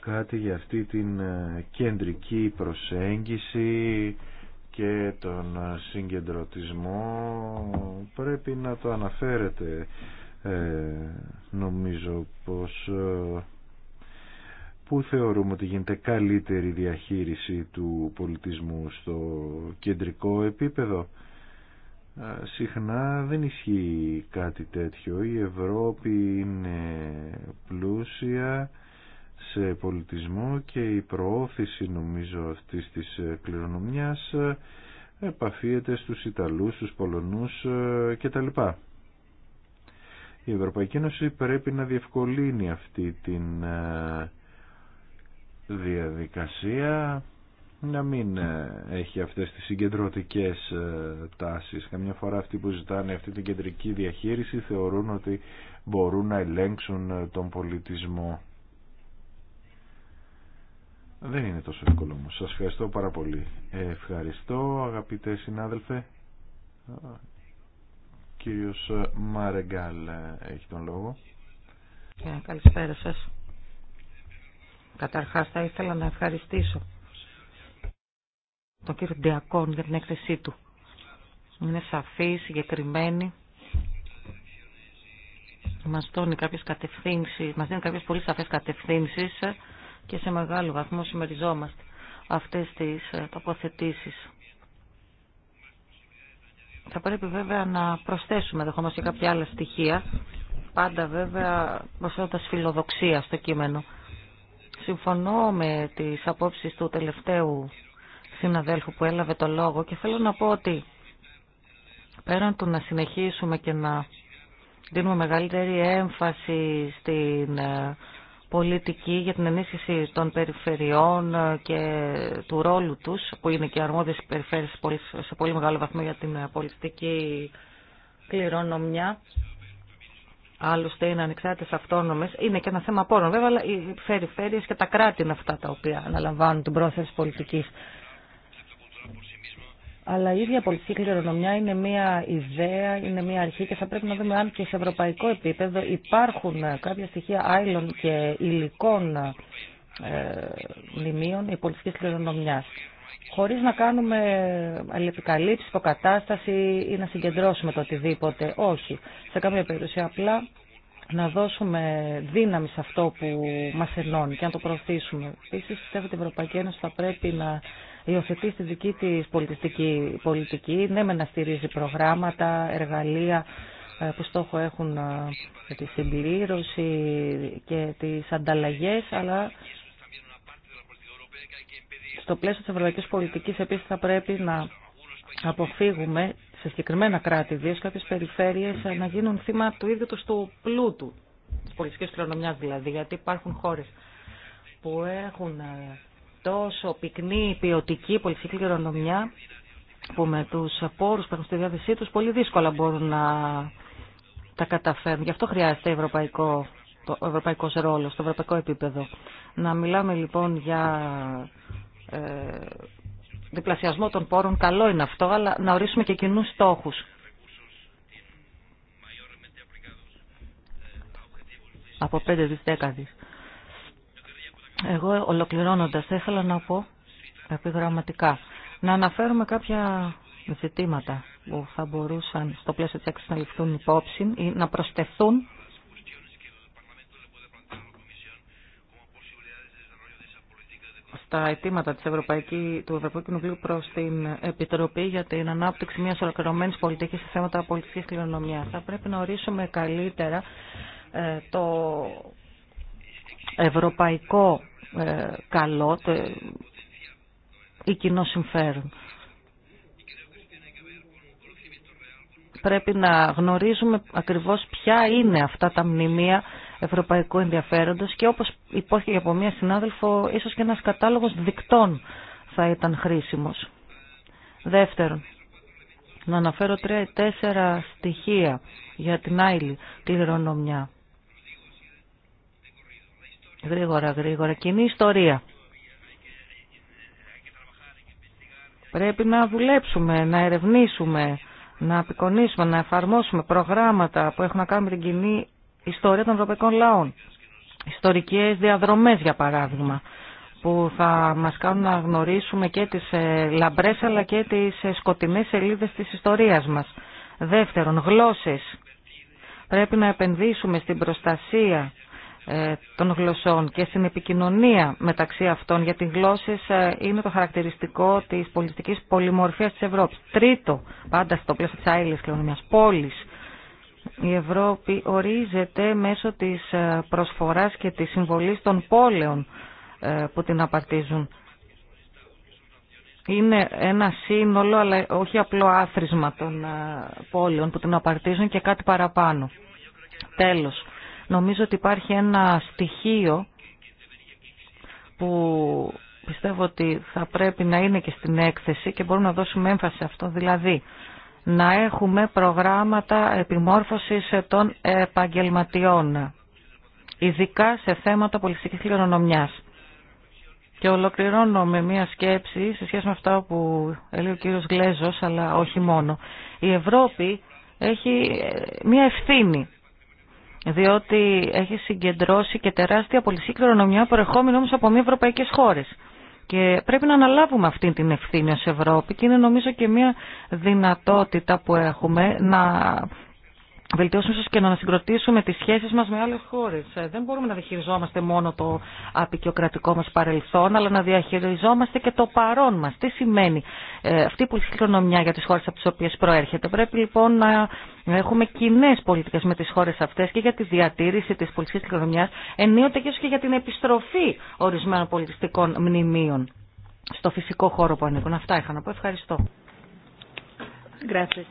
Κάτι για αυτή την ε, κεντρική προσέγγιση και τον συγκεντρωτισμό πρέπει να το αναφέρετε ε, νομίζω πως ε, που θεωρούμε ότι γίνεται καλύτερη διαχείριση του πολιτισμού στο κεντρικό επίπεδο ε, συχνά δεν ισχύει κάτι τέτοιο η Ευρώπη είναι πλούσια σε πολιτισμό και η προώθηση νομίζω αυτής της ε, κληρονομιάς ε, επαφίεται στους Ιταλούς, στους Πολωνούς ε, κτλ. Η Ευρωπαϊκή Ένωση πρέπει να διευκολύνει αυτή την διαδικασία να μην έχει αυτές τις συγκεντρωτικές τάσεις. Καμιά φορά αυτοί που ζητάνε αυτή την κεντρική διαχείριση θεωρούν ότι μπορούν να ελέγξουν τον πολιτισμό δεν είναι τόσο εύκολο όμως. Σας ευχαριστώ πάρα πολύ. Ευχαριστώ αγαπητέ συνάδελφε. Κύριος Μαρεγκάλ έχει τον λόγο. καλησπέρα σας. Καταρχάς θα ήθελα να ευχαριστήσω τον κύριο Ντιακόν για την έκθεσή του. Είναι σαφή, συγκεκριμένη. Μα δίνει κάποιες μας δίνει κάποιες πολύ σαφές κατευθύνσεις και σε μεγάλο βαθμό συμμεριζόμαστε αυτές τις ε, τοποθετήσεις. Θα πρέπει βέβαια να προσθέσουμε δεχόμαστε και κάποια άλλα στοιχεία, πάντα βέβαια προσθέτοντας φιλοδοξία στο κείμενο. Συμφωνώ με τις απόψεις του τελευταίου συναδέλφου που έλαβε το λόγο και θέλω να πω ότι πέραν του να συνεχίσουμε και να δίνουμε μεγαλύτερη έμφαση στην ε, πολιτική για την ενίσχυση των περιφερειών ε, και του ρόλου τους, που είναι και αρμόδιες περιφέρειες σε πολύ μεγάλο βαθμό για την ε, πολιτική κληρονομιά. Άλλωστε είναι ανεξάρτητες αυτόνομες. Είναι και ένα θέμα πόρων βέβαια, αλλά οι περιφέρειες και τα κράτη είναι αυτά τα οποία αναλαμβάνουν την πρόθεση πολιτικής. Αλλά η ίδια πολιτική κληρονομιά είναι μια ιδέα, είναι μια αρχή και θα πρέπει να δούμε αν και σε ευρωπαϊκό επίπεδο υπάρχουν κάποια στοιχεία άλλων και υλικών ε, μνημείων η πολιτική κληρονομιά. Χωρί να κάνουμε αλληλεπικαλύψει, υποκατάσταση ή να συγκεντρώσουμε το οτιδήποτε. Όχι. Σε κάποια περίπτωση απλά να δώσουμε δύναμη σε αυτό που μα ενώνει και να το προωθήσουμε. Επίση, πιστεύω ότι η Ευρωπαϊκή Ένωση θα πρέπει να υιοθετεί στη δική της πολιτιστική πολιτική, ναι με να στηρίζει προγράμματα, εργαλεία ε, που στόχο έχουν ε, τη συμπλήρωση και τις ανταλλαγές, αλλά στο πλαίσιο της ευρωπαϊκής πολιτικής επίσης θα πρέπει να αποφύγουμε σε συγκεκριμένα κράτη, ιδίως κάποιες περιφέρειες, ε, να γίνουν θύμα του ίδιου του του πλούτου, της πολιτικής κληρονομιάς δηλαδή, γιατί υπάρχουν χώρες που έχουν τόσο πυκνή, ποιοτική, πολυσύκληρονομιά κληρονομιά που με τους πόρους που έχουν στη διάθεσή τους πολύ δύσκολα μπορούν να τα καταφέρουν. Γι' αυτό χρειάζεται ευρωπαϊκό, το ευρωπαϊκό ρόλο το ευρωπαϊκό επίπεδο. Να μιλάμε λοιπόν για ε, διπλασιασμό των πόρων, καλό είναι αυτό, αλλά να ορίσουμε και κοινούς στόχους. Από πέντε δις εγώ ολοκληρώνοντας θα ήθελα να πω επιγραμματικά να αναφέρουμε κάποια ζητήματα που θα μπορούσαν στο πλαίσιο της έξης να ληφθούν υπόψη ή να προσθεθούν στα αιτήματα της Ευρωπαϊκή, του Ευρωπαϊκού Κοινοβουλίου προς την Επιτροπή για την ανάπτυξη μιας ολοκληρωμένης πολιτικής σε θέματα πολιτικής κληρονομιάς. Θα πρέπει να ορίσουμε καλύτερα ε, το ευρωπαϊκό ε, καλό, ή κοινό συμφέρον. Πρέπει να γνωρίζουμε ακριβώς ποια είναι αυτά τα μνημεία ευρωπαϊκού ενδιαφέροντος και όπως υπόθηκε από μία συνάδελφο, ίσως και ένας κατάλογος δικτών θα ήταν χρήσιμος. Δεύτερον, να αναφέρω τρία ή τέσσερα στοιχεία για την άλλη κληρονομιά. Γρήγορα, γρήγορα. Κοινή ιστορία. Πρέπει να δουλέψουμε, να ερευνήσουμε, να απεικονίσουμε, να εφαρμόσουμε προγράμματα που έχουν να κάνουν την κοινή ιστορία των ευρωπαϊκών λαών. Ιστορικές διαδρομές, για παράδειγμα, που θα μας κάνουν να γνωρίσουμε και τις ε, λαμπρές αλλά και τις ε, σκοτεινές σελίδες της ιστορίας μας. Δεύτερον, γλώσσες. Πρέπει να επενδύσουμε στην προστασία ε, των γλωσσών και στην επικοινωνία μεταξύ αυτών, γιατί οι γλώσσες ε, είναι το χαρακτηριστικό της πολιτικής πολυμορφίας της Ευρώπης. Τρίτο, πάντα στο πλαίσιο τη άλλη κοινωνία πόλη, Η Ευρώπη ορίζεται μέσω της ε, προσφοράς και της συμβολής των πόλεων που την απαρτίζουν. Είναι ένα σύνολο, αλλά όχι απλό άθροισμα των πόλεων που την απαρτίζουν και κάτι παραπάνω. Τέλος, νομίζω ότι υπάρχει ένα στοιχείο που πιστεύω ότι θα πρέπει να είναι και στην έκθεση και μπορούμε να δώσουμε έμφαση σε αυτό, δηλαδή να έχουμε προγράμματα επιμόρφωσης των επαγγελματιών, ειδικά σε θέματα πολιτικής κληρονομιάς. Και ολοκληρώνω με μία σκέψη σε σχέση με αυτά που έλεγε ο κύριος Γλέζος, αλλά όχι μόνο. Η Ευρώπη έχει μία ευθύνη διότι έχει συγκεντρώσει και τεράστια πολιτική κληρονομιά προερχόμενη όμως από μη ευρωπαϊκές χώρες. Και πρέπει να αναλάβουμε αυτή την ευθύνη ως Ευρώπη και είναι νομίζω και μια δυνατότητα που έχουμε να βελτιώσουμε ίσως και να ανασυγκροτήσουμε τις σχέσεις μας με άλλες χώρες. Ε, δεν μπορούμε να διαχειριζόμαστε μόνο το απεικιοκρατικό μας παρελθόν, αλλά να διαχειριζόμαστε και το παρόν μας. Τι σημαίνει ε, αυτή η πολιτική κληρονομιά για τις χώρες από τις οποίες προέρχεται. Πρέπει λοιπόν να έχουμε κοινέ πολιτικές με τις χώρες αυτές και για τη διατήρηση της πολιτικής κληρονομιάς, ενίοτε και, και για την επιστροφή ορισμένων πολιτιστικών μνημείων στο φυσικό χώρο που ανήκουν. Αυτά είχα να πω. Ευχαριστώ. Gracias.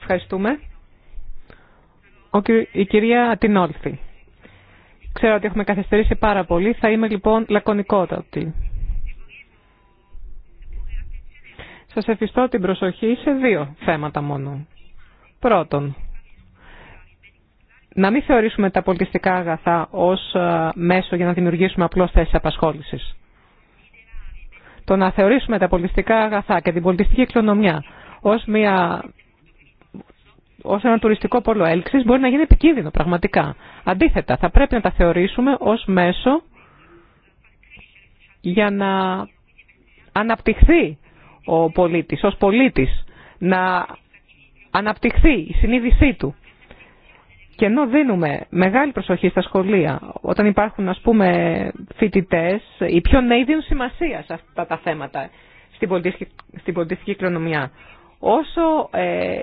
Ευχαριστούμε. Ο, η κυρία Ατινόλθη. Ξέρω ότι έχουμε καθυστερήσει πάρα πολύ. Θα είμαι λοιπόν λακωνικότατη. Σας ευχαριστώ την προσοχή σε δύο θέματα μόνο. Πρώτον, να μην θεωρήσουμε τα πολιτιστικά αγαθά ως ε, μέσο για να δημιουργήσουμε απλώ θέσεις απασχόληση. Το να θεωρήσουμε τα πολιτιστικά αγαθά και την πολιτιστική κληρονομιά ως, μια, ως ένα τουριστικό πόλο έλξης μπορεί να γίνει επικίνδυνο πραγματικά. Αντίθετα, θα πρέπει να τα θεωρήσουμε ως μέσο για να αναπτυχθεί ο πολίτης, ως πολίτης, να αναπτυχθεί η συνείδησή του. Και ενώ δίνουμε μεγάλη προσοχή στα σχολεία, όταν υπάρχουν ας πούμε φοιτητέ, οι πιο νέοι δίνουν σημασία σε αυτά τα θέματα στην πολιτική στην κληρονομιά όσο ε,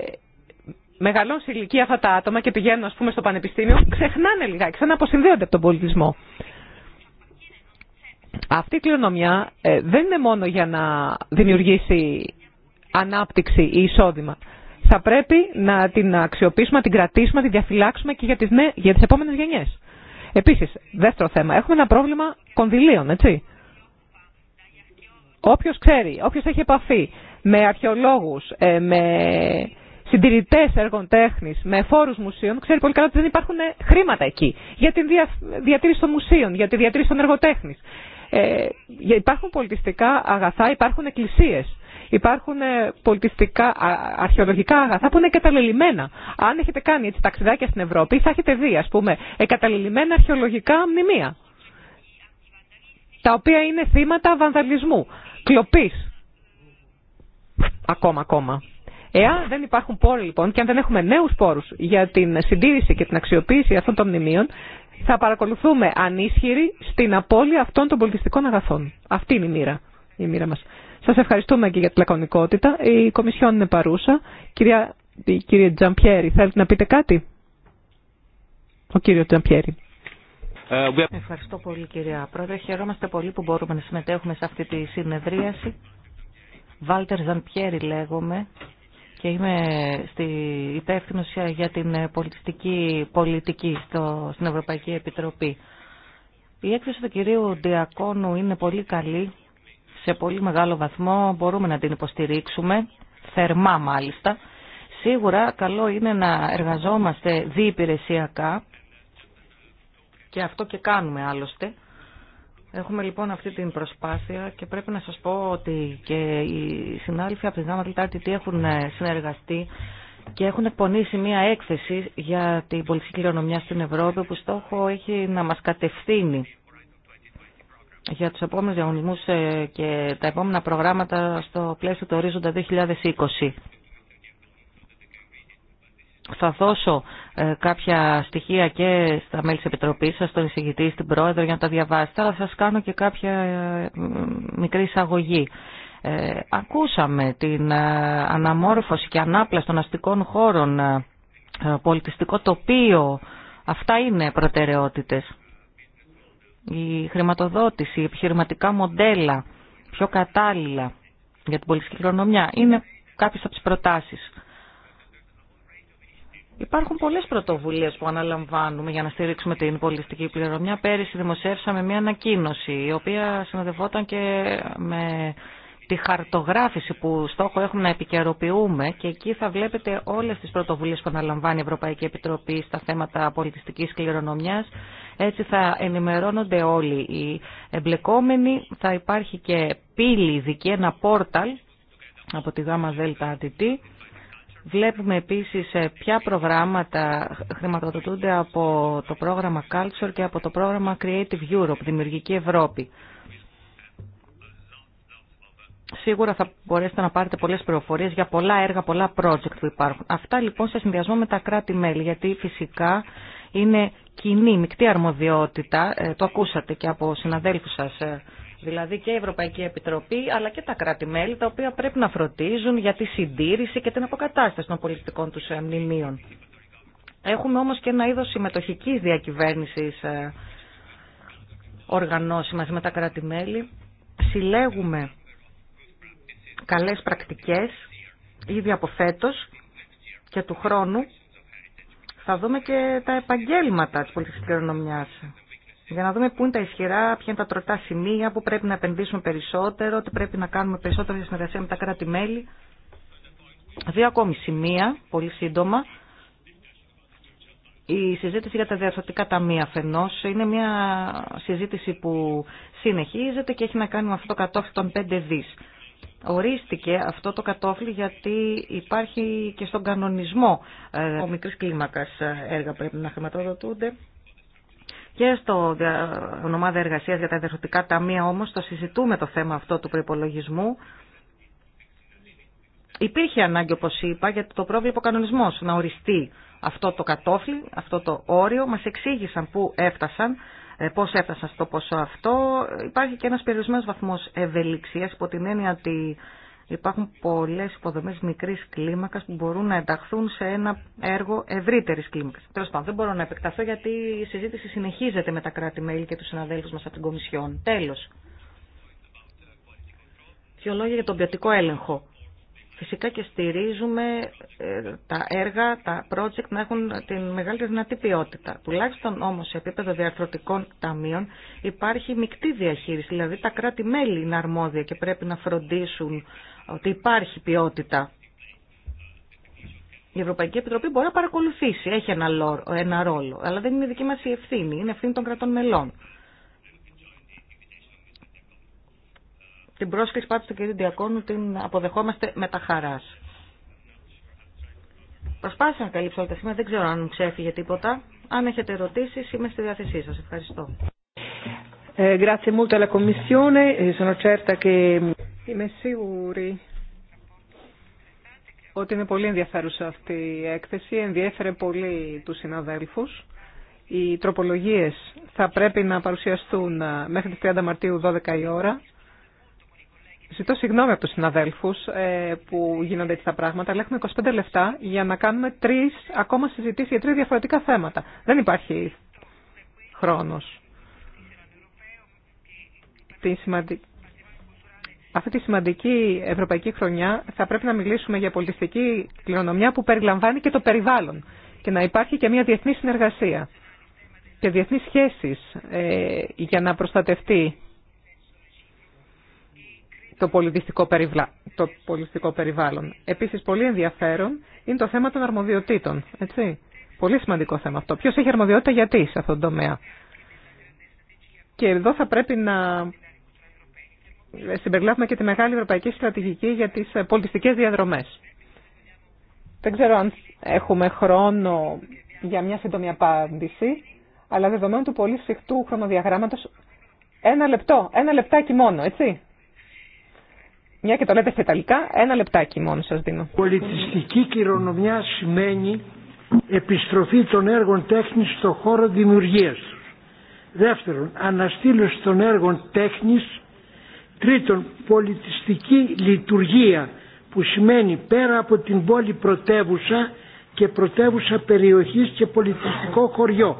μεγαλώνουν σε ηλικία αυτά τα άτομα και πηγαίνουν ας πούμε στο πανεπιστήμιο, ξεχνάνε λιγάκι, σαν αποσυνδέονται από τον πολιτισμό. Αυτή η κληρονομιά ε, δεν είναι μόνο για να δημιουργήσει ανάπτυξη ή εισόδημα. Θα πρέπει να την αξιοποιήσουμε, να την κρατήσουμε, να την διαφυλάξουμε και για τις, νέ, για τις επόμενες γενιές. Επίσης, δεύτερο θέμα, έχουμε ένα πρόβλημα κονδυλίων, έτσι. Όποιος ξέρει, όποιος έχει επαφή με αρχαιολόγους, ε, με συντηρητέ έργων τέχνη, με φόρου μουσείων, ξέρει πολύ καλά ότι δεν υπάρχουν ε, χρήματα εκεί. Για τη διατήρηση των μουσείων, για τη διατήρηση των εργοτέχνη. Ε, υπάρχουν πολιτιστικά αγαθά, υπάρχουν εκκλησίε. Υπάρχουν πολιτιστικά, αρχαιολογικά αγαθά που είναι εγκαταλελειμμένα. Αν έχετε κάνει έτσι ταξιδάκια στην Ευρώπη, θα έχετε δει, α πούμε, εγκαταλελειμμένα αρχαιολογικά μνημεία. Τα οποία είναι θύματα βανδαλισμού, κλοπής, ακόμα, ακόμα. Εάν δεν υπάρχουν πόροι λοιπόν και αν δεν έχουμε νέου πόρου για την συντήρηση και την αξιοποίηση αυτών των μνημείων, θα παρακολουθούμε ανίσχυροι στην απώλεια αυτών των πολιτιστικών αγαθών. Αυτή είναι η μοίρα, η μοίρα μας. Σας ευχαριστούμε και για την λακωνικότητα. Η Κομισιόν είναι παρούσα. Κυρία, η κύριε Τζαμπιέρη, θέλετε να πείτε κάτι? Ο κύριο Τζαμπιέρη. Ε, Ευχαριστώ πολύ κυρία Πρόεδρε. Χαιρόμαστε πολύ που μπορούμε να συμμετέχουμε σε αυτή τη συνεδρίαση Βάλτερ Ζανπιέρη λέγομαι και είμαι στη υπεύθυνος για την ε, πολιτιστική πολιτική στο, στην Ευρωπαϊκή Επιτροπή. Η έκθεση του κυρίου Διακόνου είναι πολύ καλή, σε πολύ μεγάλο βαθμό μπορούμε να την υποστηρίξουμε, θερμά μάλιστα. Σίγουρα καλό είναι να εργαζόμαστε διυπηρεσιακά και αυτό και κάνουμε άλλωστε Έχουμε λοιπόν αυτή την προσπάθεια και πρέπει να σας πω ότι και οι συνάδελφοι από τη ΓΑΜΑ έχουν ε, συνεργαστεί και έχουν εκπονήσει μια έκθεση για την πολιτική κληρονομιά στην Ευρώπη που στόχο έχει να μας κατευθύνει για τους επόμενους διαγωνισμούς ε, και τα επόμενα προγράμματα στο πλαίσιο του ορίζοντα 2020. Θα δώσω ε, κάποια στοιχεία και στα μέλη της Επιτροπής σας, στον εισηγητή, στην Πρόεδρο για να τα διαβάσετε, αλλά θα σας κάνω και κάποια ε, μικρή εισαγωγή. Ε, ακούσαμε την αναμόρφωση και ανάπλαση των αστικών χώρων, πολιτιστικό τοπίο. Αυτά είναι προτεραιότητες. Η χρηματοδότηση, η επιχειρηματικά μοντέλα, πιο κατάλληλα για την πολιτική κληρονομιά, είναι κάποιες από τις προτάσεις. Υπάρχουν πολλέ πρωτοβουλίε που αναλαμβάνουμε για να στηρίξουμε την πολιτιστική πληρωμιά. Πέρυσι δημοσιεύσαμε μια ανακοίνωση, η οποία συνοδευόταν και με τη χαρτογράφηση που στόχο έχουμε να επικαιροποιούμε και εκεί θα βλέπετε όλες τις πρωτοβουλίες που αναλαμβάνει η Ευρωπαϊκή Επιτροπή στα θέματα πολιτιστικής κληρονομιάς. Έτσι θα ενημερώνονται όλοι οι εμπλεκόμενοι. Θα υπάρχει και πύλη ειδική, ένα πόρταλ από τη ΓΑΜΑ Βλέπουμε επίσης ε, ποια προγράμματα χρηματοδοτούνται από το πρόγραμμα Culture και από το πρόγραμμα Creative Europe, Δημιουργική Ευρώπη. Σίγουρα θα μπορέσετε να πάρετε πολλές πληροφορίε για πολλά έργα, πολλά project που υπάρχουν. Αυτά λοιπόν σε συνδυασμό με τα κράτη-μέλη, γιατί φυσικά είναι κοινή, μεικτή αρμοδιότητα, ε, το ακούσατε και από συναδέλφους σας ε, Δηλαδή και η Ευρωπαϊκή Επιτροπή αλλά και τα κράτη-μέλη τα οποία πρέπει να φροντίζουν για τη συντήρηση και την αποκατάσταση των πολιτικών τους ε, μνημείων. Έχουμε όμως και ένα είδος συμμετοχικής διακυβέρνησης ε, οργανώσει μαζί με τα κράτη-μέλη. Συλλέγουμε καλές πρακτικές ήδη από φέτος και του χρόνου θα δούμε και τα επαγγέλματα της πολιτικής κληρονομιάς για να δούμε πού είναι τα ισχυρά, ποια είναι τα τροτά σημεία, πού πρέπει να επενδύσουμε περισσότερο, τι πρέπει να κάνουμε περισσότερο για συνεργασία με τα κράτη-μέλη. Δύο ακόμη σημεία, πολύ σύντομα. Η συζήτηση για τα διαρθρωτικά ταμεία φενός είναι μια συζήτηση που συνεχίζεται και έχει να κάνει με αυτό το κατόφλι των 5 δις. Ορίστηκε αυτό το κατόφλι γιατί υπάρχει και στον κανονισμό ο ε, μικρής κλίμακας ε, έργα πρέπει να χρηματοδοτούνται και στο ομάδα εργασίας για τα εδερφωτικά ταμεία όμως το συζητούμε το θέμα αυτό του προπολογισμού. Υπήρχε ανάγκη όπως είπα γιατί το πρόβλημα ο κανονισμός να οριστεί αυτό το κατόφλι, αυτό το όριο. Μας εξήγησαν πού έφτασαν, ε, πώς έφτασαν στο ποσό αυτό. Υπάρχει και ένας περιορισμένος βαθμός ευελιξίας υπό την έννοια ότι Υπάρχουν πολλές υποδομές μικρής κλίμακας που μπορούν να ενταχθούν σε ένα έργο ευρύτερης κλίμακας. Τέλος πάντων, δεν μπορώ να επεκταθώ γιατί η συζήτηση συνεχίζεται με τα κράτη-μέλη και τους συναδέλφου μα από την Κομισιόν. Τέλος. Δυο λόγια για τον ποιοτικό έλεγχο. Φυσικά και στηρίζουμε ε, τα έργα, τα project να έχουν την μεγαλύτερη δυνατή ποιότητα. Τουλάχιστον όμως σε επίπεδο διαρθρωτικών ταμείων υπάρχει μεικτή διαχείριση, δηλαδή τα κράτη-μέλη είναι αρμόδια και πρέπει να φροντίσουν ότι υπάρχει ποιότητα. Η Ευρωπαϊκή Επιτροπή μπορεί να παρακολουθήσει, έχει ένα, ένα ρόλο, αλλά δεν είναι δική μας η ευθύνη, είναι ευθύνη των κρατών μελών. Την πρόσκληση πάντως του κ. Διακόνου την αποδεχόμαστε με τα χαράς. Προσπάθησα να καλύψω όλα τα σήμερα, δεν ξέρω αν μου ξέφυγε τίποτα. Αν έχετε ερωτήσεις είμαι στη διάθεσή σας. Ευχαριστώ. Ε, ε, είμαι σίγουρη ότι είναι πολύ ενδιαφέρουσα αυτή η έκθεση, ενδιέφερε πολύ τους συναδέλφους. Οι τροπολογίες θα πρέπει να παρουσιαστούν ε, μέχρι τις 30 Μαρτίου 12 η ώρα. Ζητώ συγγνώμη από τους συναδέλφους ε, που γίνονται έτσι τα πράγματα, αλλά έχουμε 25 λεφτά για να κάνουμε τρει, ακόμα συζητήσει για τρία διαφορετικά θέματα. Δεν υπάρχει χρόνο. Αυτή τη σημαντική ευρωπαϊκή χρονιά θα πρέπει να μιλήσουμε για πολιτιστική κληρονομιά που περιλαμβάνει και το περιβάλλον και να υπάρχει και μια διεθνή συνεργασία και διεθνείς σχέσεις ε, για να προστατευτεί το πολιτιστικό, περιβλα... το πολιτιστικό περιβάλλον. Επίσης, πολύ ενδιαφέρον είναι το θέμα των αρμοδιοτήτων. Έτσι. Πολύ σημαντικό θέμα αυτό. Ποιος έχει αρμοδιότητα γιατί σε αυτόν τον τομέα. Και εδώ θα πρέπει να συμπεριλάβουμε και τη μεγάλη ευρωπαϊκή στρατηγική για τις ε, πολιτιστικές διαδρομές. Δεν ξέρω αν έχουμε χρόνο για μια σύντομη απάντηση, αλλά δεδομένου του πολύ συχτού χρονοδιαγράμματος, ένα λεπτό, ένα λεπτάκι μόνο, έτσι. Μια και το λέτε στα Ιταλικά, ένα λεπτάκι μόνο σας δίνω. Πολιτιστική κληρονομιά σημαίνει επιστροφή των έργων τέχνης στον χώρο δημιουργίας τους. Δεύτερον, αναστήλωση των έργων τέχνης. Τρίτον, πολιτιστική λειτουργία που σημαίνει πέρα από την πόλη πρωτεύουσα και πρωτεύουσα περιοχής και πολιτιστικό χωριό.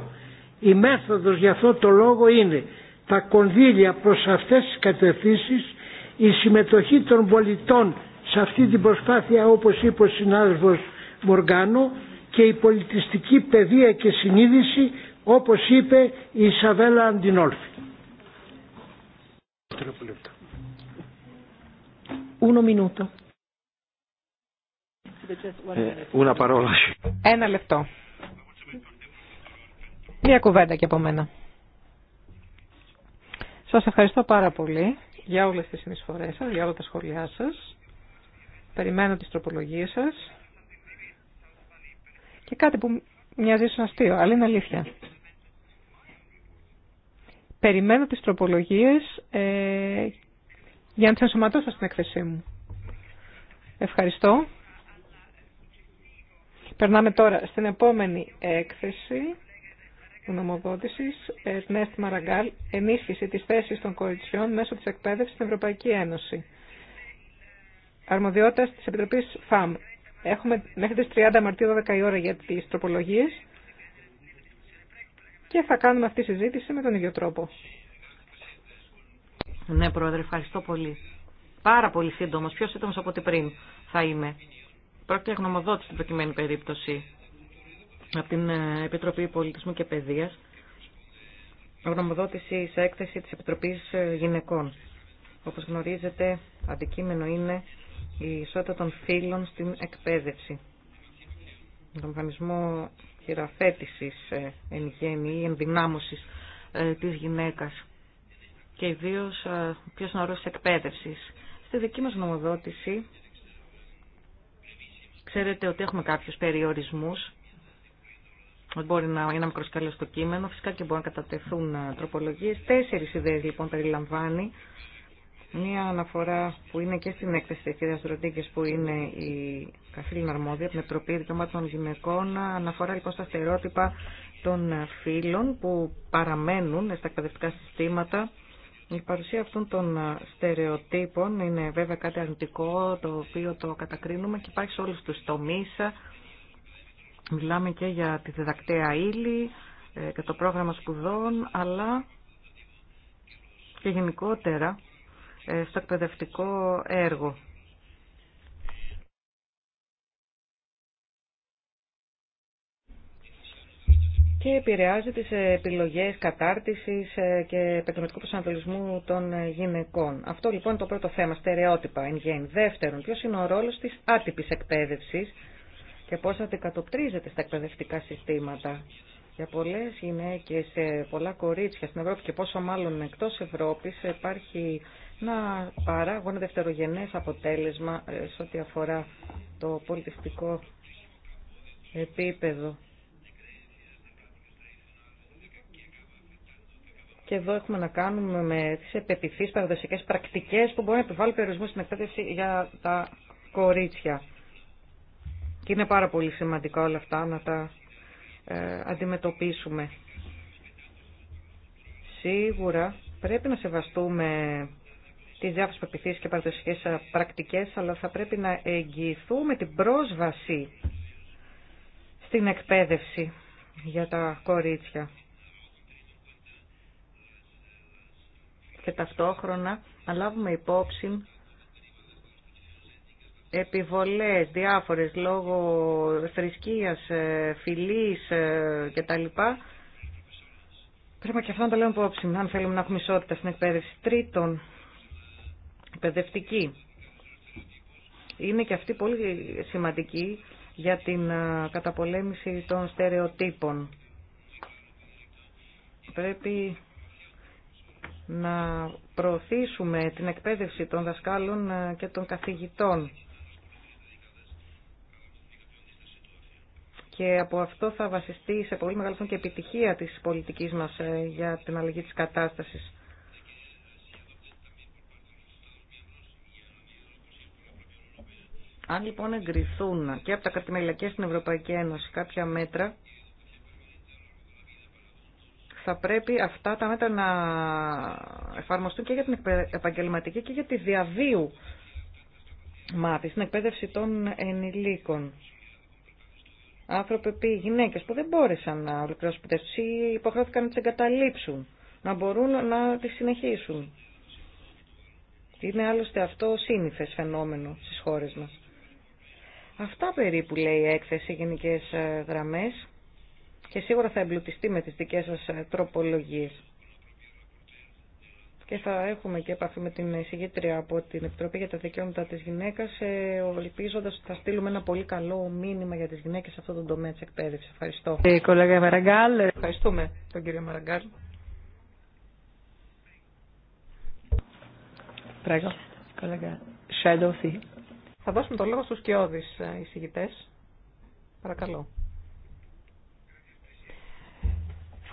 Η μέθοδος για αυτό το λόγο είναι τα κονδύλια προς αυτές τις κατευθύνσεις η συμμετοχή των πολιτών σε αυτή την προσπάθεια όπως είπε ο συνάδελφος Μοργάνο και η πολιτιστική παιδεία και συνείδηση όπως είπε η Ισαβέλα Αντινόλφη. Ε, Ένα λεπτό. Μία κουβέντα και από μένα. Σας ευχαριστώ πάρα πολύ για όλες τις συνεισφορές σας, για όλα τα σχόλιά σας. Περιμένω τις τροπολογίες σας. Και κάτι που μοιάζει σαν αστείο, αλλά είναι αλήθεια. Περιμένω τις τροπολογίες ε, για να τις ενσωματώσω στην έκθεσή μου. Ευχαριστώ. Περνάμε τώρα στην επόμενη έκθεση γνωμοδότησης Ernest Μαραγκάλ ενίσχυση τη θέση των κοριτσιών μέσω τη εκπαίδευση στην Ευρωπαϊκή Ένωση. Αρμοδιότητα τη επιτροπή ΦΑΜ. Έχουμε μέχρι τι 30 Μαρτίου 12 η ώρα για τι τροπολογίε και θα κάνουμε αυτή τη συζήτηση με τον ίδιο τρόπο. Ναι, Πρόεδρε, ευχαριστώ πολύ. Πάρα πολύ σύντομο, πιο σύντομο από ό,τι πριν θα είμαι. Πρόκειται για γνωμοδότηση στην προκειμένη περίπτωση από την ε, Επιτροπή Πολιτισμού και Παιδείας γνωμοδότηση σε έκθεση της Επιτροπής ε, Γυναικών. Όπως γνωρίζετε, αντικείμενο είναι η ισότητα των φίλων στην εκπαίδευση. Τον μηχανισμό χειραφέτησης ε, εν γέννη ή ενδυνάμωσης της γυναίκας και ιδίω ποιος είναι ο ρόλος εκπαίδευσης. Στη δική μας νομοδότηση ξέρετε ότι έχουμε κάποιους περιορισμούς Μπορεί να είναι μακροσκελέ στο κείμενο, φυσικά και μπορεί να κατατεθούν ε, τροπολογίε. Τέσσερι ιδέε λοιπόν περιλαμβάνει. Μία αναφορά που είναι και στην έκθεση τη κυρία Ροντίγκε, που είναι η καθήλυνα αρμόδια, την Επιτροπή Δικαιωμάτων Γυναικών. Αναφορά λοιπόν στα στερεότυπα των ε, φύλων που παραμένουν στα εκπαιδευτικά συστήματα. Η παρουσία αυτών των ε, στερεοτύπων είναι βέβαια κάτι αρνητικό, το οποίο το κατακρίνουμε και υπάρχει σε όλου του τομεί Μιλάμε και για τη διδακτέα ύλη ε, και το πρόγραμμα σπουδών, αλλά και γενικότερα ε, στο εκπαιδευτικό έργο. και επηρεάζει τις επιλογές κατάρτισης ε, και επαγγελματικού προσανατολισμού των γυναικών. Αυτό λοιπόν είναι το πρώτο θέμα, στερεότυπα εν γέννη. Δεύτερον, ποιος είναι ο ρόλος της άτυπης εκπαίδευσης και πώς αντικατοπτρίζεται στα εκπαιδευτικά συστήματα για πολλές γυναίκες, πολλά κορίτσια στην Ευρώπη και πόσο μάλλον εκτός Ευρώπης υπάρχει ένα πάρα δευτερογενές αποτέλεσμα ε, σε ό,τι αφορά το πολιτιστικό επίπεδο. Και εδώ έχουμε να κάνουμε με τις επεπιθείς παραδοσιακές πρακτικές που μπορεί να επιβάλλουν περιορισμού στην εκπαίδευση για τα κορίτσια. Και είναι πάρα πολύ σημαντικά όλα αυτά να τα ε, αντιμετωπίσουμε. Σίγουρα πρέπει να σεβαστούμε τι διάφορε πεπιθήσει και παραδοσιακέ ε, πρακτικέ, αλλά θα πρέπει να εγγυηθούμε την πρόσβαση στην εκπαίδευση για τα κορίτσια. Και ταυτόχρονα να λάβουμε υπόψη επιβολές διάφορες λόγω θρησκείας, ε, φιλής ε, κτλ. Πρέπει και αυτό να το λέμε υπόψη, αν θέλουμε να έχουμε ισότητα στην εκπαίδευση. Τρίτον, εκπαιδευτική. Είναι και αυτή πολύ σημαντική για την ε, καταπολέμηση των στερεοτύπων. Πρέπει να προωθήσουμε την εκπαίδευση των δασκάλων και των καθηγητών και από αυτό θα βασιστεί σε πολύ μεγάλο και επιτυχία της πολιτικής μας ε, για την αλλαγή τη κατάσταση. Αν λοιπόν εγκριθούν και από τα κρατημέλια και στην Ευρωπαϊκή Ένωση κάποια μέτρα, θα πρέπει αυτά τα μέτρα να εφαρμοστούν και για την επαγγελματική και για τη διαβίου μάθηση, την εκπαίδευση των ενηλίκων άνθρωποι, γυναίκες που δεν μπόρεσαν να ολοκληρώσουν σπουδέ του ή υποχρεώθηκαν να τι εγκαταλείψουν, να μπορούν να τι συνεχίσουν. Είναι άλλωστε αυτό σύνηθε φαινόμενο στις χώρες μας. Αυτά περίπου λέει η έκθεση γενικέ ε, γραμμέ, και σίγουρα θα εμπλουτιστεί με τις δικέ σα ε, τροπολογίες και θα έχουμε και επαφή με την εισηγήτρια από την Επιτροπή για τα Δικαιώματα της Γυναίκας, ε, ελπίζοντας ότι θα στείλουμε ένα πολύ καλό μήνυμα για τις γυναίκες σε αυτό το τομέα της εκπαίδευσης. Ευχαριστώ. Ε, Ευχαριστούμε τον κύριο Μαραγκάλ. Θα δώσουμε το λόγο στους κοιόδης ε, εισηγητές. Παρακαλώ.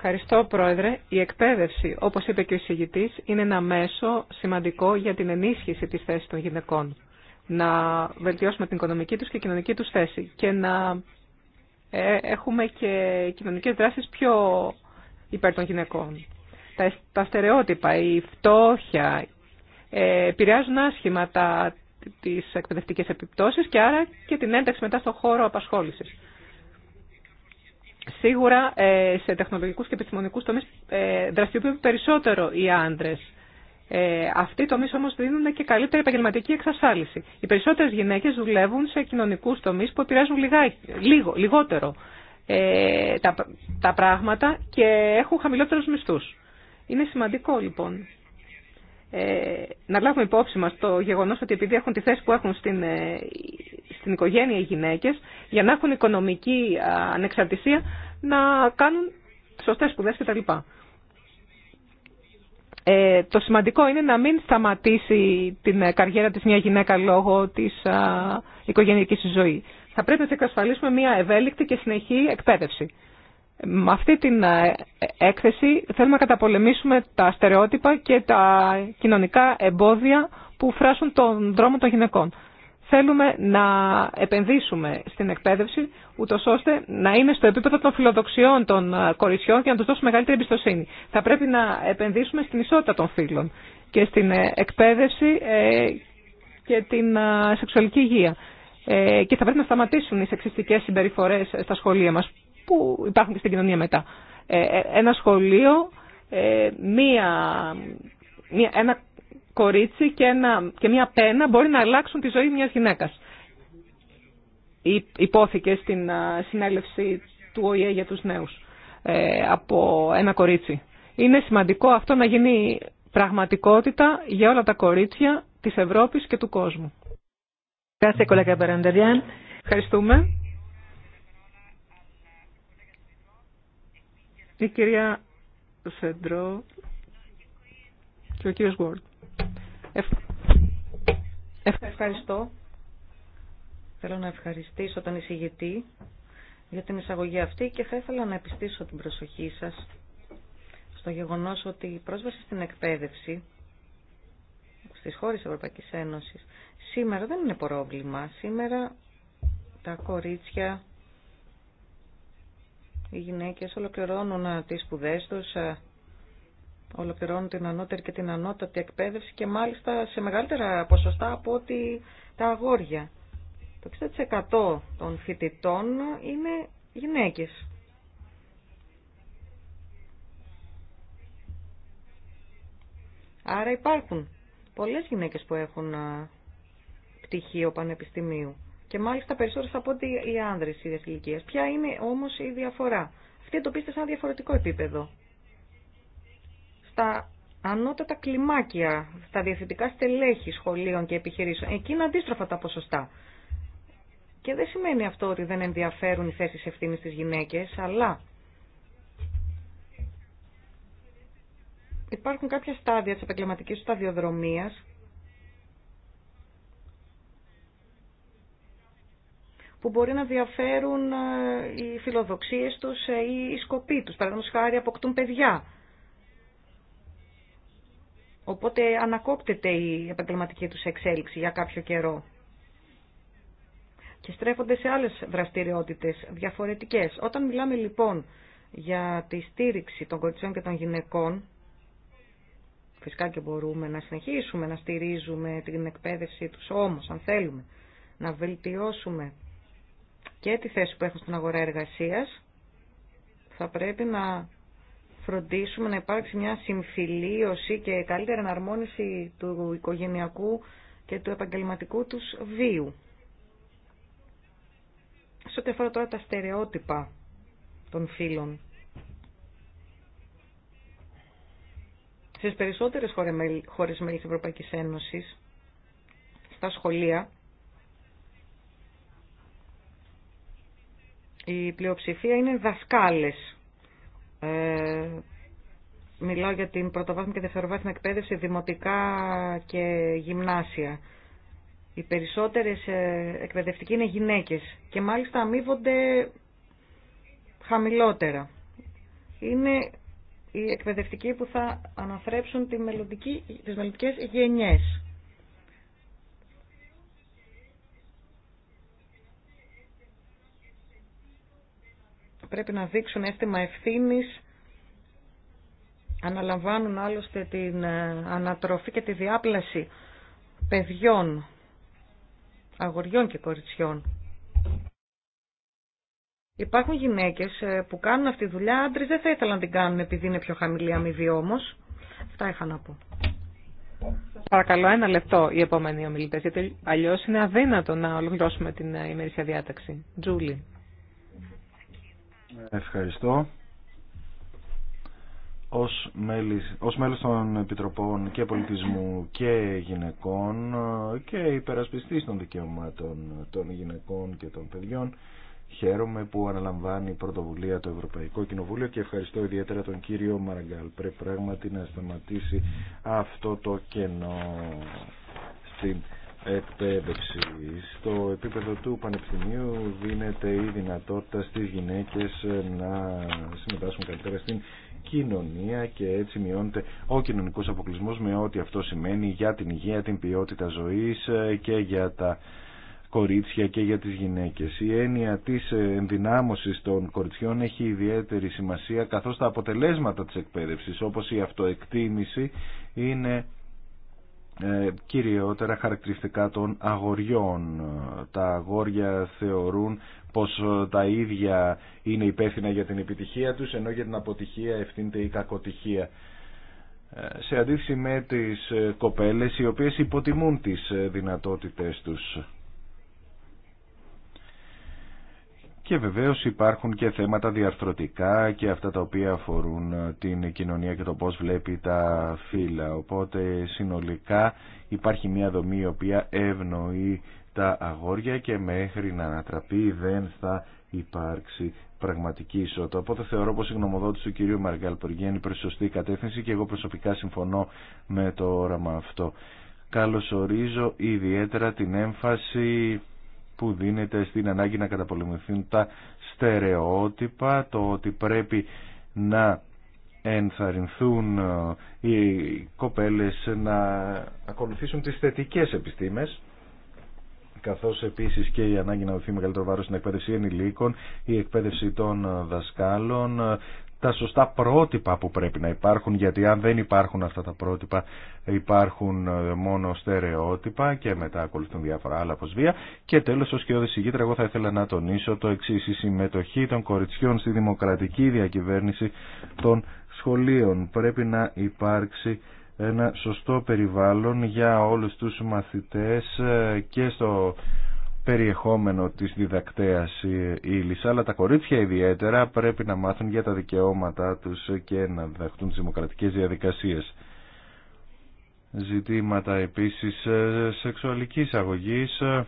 Ευχαριστώ, Πρόεδρε. Η εκπαίδευση, όπως είπε και ο εισηγητής, είναι ένα μέσο σημαντικό για την ενίσχυση της θέσης των γυναικών. Να βελτιώσουμε την οικονομική τους και κοινωνική τους θέση και να ε, έχουμε και κοινωνικές δράσεις πιο υπέρ των γυναικών. Τα, τα στερεότυπα, η φτώχεια ε, επηρεάζουν άσχημα τα, τις εκπαιδευτικές επιπτώσεις και άρα και την ένταξη μετά στον χώρο απασχόλησης. Σίγουρα ε, σε τεχνολογικούς και επιστημονικούς τομείς ε, δραστηριοποιούνται περισσότερο οι άντρες. Ε, αυτοί οι τομεί όμω δίνουν και καλύτερη επαγγελματική εξασφάλιση. Οι περισσότερε γυναίκε δουλεύουν σε κοινωνικού τομεί που επηρεάζουν λιγά, λίγο, λιγότερο ε, τα, τα πράγματα και έχουν χαμηλότερου μισθού. Είναι σημαντικό λοιπόν ε, να λάβουμε υπόψη μα το γεγονό ότι επειδή έχουν τη θέση που έχουν στην ε, στην οικογένεια οι γυναίκες για να έχουν οικονομική ανεξαρτησία να κάνουν σωστές σπουδές κτλ. Ε, το σημαντικό είναι να μην σταματήσει την ε, καριέρα της μια γυναίκα λόγω της α, οικογενειακής ζωή. Θα πρέπει να εξασφαλίσουμε μια ευέλικτη και συνεχή εκπαίδευση. Με αυτή την ε, έκθεση θέλουμε να καταπολεμήσουμε τα στερεότυπα και τα κοινωνικά εμπόδια που φράσουν τον δρόμο των γυναικών. Θέλουμε να επενδύσουμε στην εκπαίδευση, ούτω ώστε να είναι στο επίπεδο των φιλοδοξιών των ε, κοριτσιών και να του δώσουμε μεγαλύτερη εμπιστοσύνη. Θα πρέπει να επενδύσουμε στην ισότητα των φίλων και στην ε, εκπαίδευση ε, και την σεξουαλική υγεία. Και θα πρέπει να σταματήσουν οι σεξιστικέ συμπεριφορέ στα σχολεία μα, που υπάρχουν και στην κοινωνία μετά. Ένα σχολείο, μία, ένα κορίτσι και, ένα, μια πένα μπορεί να αλλάξουν τη ζωή μιας γυναίκας. Υπόθηκε στην συνέλευση του ΟΗΕ για τους νέους ε, από ένα κορίτσι. Είναι σημαντικό αυτό να γίνει πραγματικότητα για όλα τα κορίτσια της Ευρώπης και του κόσμου. Ευχαριστούμε. Η κυρία Σεντρό και ο κύριος Γουόρτ. Ευχαριστώ. Θέλω να ευχαριστήσω τον εισηγητή για την εισαγωγή αυτή και θα ήθελα να επιστήσω την προσοχή σας στο γεγονός ότι η πρόσβαση στην εκπαίδευση στις χώρες Ευρωπαϊκής Ένωσης σήμερα δεν είναι πρόβλημα. Σήμερα τα κορίτσια, οι γυναίκες ολοκληρώνουν τις σπουδές τους ολοκληρώνουν την ανώτερη και την ανώτατη εκπαίδευση και μάλιστα σε μεγαλύτερα ποσοστά από ότι τα αγόρια. Το 60% των φοιτητών είναι γυναίκες. Άρα υπάρχουν πολλές γυναίκες που έχουν πτυχίο πανεπιστημίου και μάλιστα περισσότερες από ότι οι άνδρες ίδιας ηλικίας. Ποια είναι όμως η διαφορά. Αυτή εντοπίστε σε ένα διαφορετικό επίπεδο στα ανώτατα κλιμάκια, στα διευθυντικά στελέχη σχολείων και επιχειρήσεων. Εκεί είναι αντίστροφα τα ποσοστά. Και δεν σημαίνει αυτό ότι δεν ενδιαφέρουν οι θέσεις ευθύνη στις γυναίκες, αλλά υπάρχουν κάποια στάδια της επαγγελματική σταδιοδρομίας που μπορεί να διαφέρουν ε, οι φιλοδοξίες τους ε, ή οι σκοποί τους. Παραδείγματος χάρη αποκτούν παιδιά Οπότε ανακόπτεται η επαγγελματική τους εξέλιξη για κάποιο καιρό. Και στρέφονται σε άλλες δραστηριότητες διαφορετικές. Όταν μιλάμε λοιπόν για τη στήριξη των κοριτσιών και των γυναικών, φυσικά και μπορούμε να συνεχίσουμε να στηρίζουμε την εκπαίδευση τους όμως, αν θέλουμε, να βελτιώσουμε και τη θέση που έχουν στην αγορά εργασίας, θα πρέπει να φροντίσουμε να υπάρξει μια συμφιλίωση και καλύτερη εναρμόνιση του οικογενειακού και του επαγγελματικού τους βίου. Σε ό,τι αφορά τώρα τα στερεότυπα των φίλων. Στις περισσότερες χώρες μέλη της Ευρωπαϊκής Ένωσης, στα σχολεία, η πλειοψηφία είναι δασκάλες ε, μιλάω για την πρωτοβάθμια και δευτεροβάθμια εκπαίδευση, δημοτικά και γυμνάσια. Οι περισσότερες ε, εκπαιδευτικοί είναι γυναίκες και μάλιστα αμείβονται χαμηλότερα. Είναι οι εκπαιδευτικοί που θα αναθρέψουν τη μελλοντική, τις μελλοντικές γενιές. πρέπει να δείξουν αίσθημα ευθύνης αναλαμβάνουν άλλωστε την ε, ανατροφή και τη διάπλαση παιδιών, αγοριών και κοριτσιών. Υπάρχουν γυναίκες ε, που κάνουν αυτή τη δουλειά, άντρες δεν θα ήθελαν να την κάνουν επειδή είναι πιο χαμηλή αμοιβή όμως. Αυτά είχα να πω. Παρακαλώ ένα λεπτό οι επόμενοι ομιλητέ, γιατί αλλιώ είναι αδύνατο να ολοκληρώσουμε την ε, ημερήσια διάταξη. Τζούλη. Ευχαριστώ. Ως, μέλη, ως μέλος των Επιτροπών και Πολιτισμού και Γυναικών και υπερασπιστής των δικαιωμάτων των γυναικών και των παιδιών χαίρομαι που αναλαμβάνει πρωτοβουλία το Ευρωπαϊκό Κοινοβούλιο και ευχαριστώ ιδιαίτερα τον κύριο Μαραγκάλ. Πρέπει πράγματι να σταματήσει αυτό το κενό στην εκπαίδευση. Στο επίπεδο του Πανεπιστημίου δίνεται η δυνατότητα στις γυναίκες να συμμετάσχουν καλύτερα στην κοινωνία και έτσι μειώνεται ο κοινωνικός αποκλεισμός με ό,τι αυτό σημαίνει για την υγεία, την ποιότητα ζωής και για τα κορίτσια και για τις γυναίκες. Η έννοια της ενδυνάμωσης των κοριτσιών έχει ιδιαίτερη σημασία καθώς τα αποτελέσματα της εκπαίδευσης όπως η αυτοεκτίμηση είναι ε, κυριότερα χαρακτηριστικά των αγοριών. Τα αγόρια θεωρούν πως ε, τα ίδια είναι υπεύθυνα για την επιτυχία τους, ενώ για την αποτυχία ευθύνεται η κακοτυχία. Ε, σε αντίθεση με τις κοπέλες, οι οποίες υποτιμούν τις δυνατότητες τους. Και βεβαίως υπάρχουν και θέματα διαρθρωτικά και αυτά τα οποία αφορούν ε, την κοινωνία και το πώς βλέπει τα φύλλα. Οπότε συνολικά υπάρχει μια δομή η οποία ευνοεί τα αγόρια και μέχρι να ανατραπεί δεν θα υπάρξει πραγματική ισότητα. Οπότε θεωρώ πως η γνωμοδότηση του κυρίου Μαργκάλ είναι προς σωστή κατεύθυνση και εγώ προσωπικά συμφωνώ με το όραμα αυτό. Καλωσορίζω ιδιαίτερα την έμφαση που δίνεται στην ανάγκη να καταπολεμηθούν τα στερεότυπα, το ότι πρέπει να ενθαρρυνθούν ε, οι κοπέλες να ακολουθήσουν τις θετικές επιστήμες καθώς επίσης και η ανάγκη να δοθεί μεγαλύτερο βάρος στην εκπαίδευση ενηλίκων, η εκπαίδευση των δασκάλων, τα σωστά πρότυπα που πρέπει να υπάρχουν γιατί αν δεν υπάρχουν αυτά τα πρότυπα υπάρχουν ε, μόνο στερεότυπα και μετά ακολουθούν διάφορα άλλα προσβία. και τέλος ως και ο εγώ θα ήθελα να τονίσω το εξή η συμμετοχή των κοριτσιών στη δημοκρατική διακυβέρνηση των σχολείων πρέπει να υπάρξει ένα σωστό περιβάλλον για όλους τους μαθητές ε, και στο περιεχόμενο της διδακτέας ύλης, αλλά τα κορίτσια ιδιαίτερα πρέπει να μάθουν για τα δικαιώματά τους και να διδαχτούν τις δημοκρατικές διαδικασίες. Ζητήματα επίσης ε, σεξουαλικής αγωγής ε,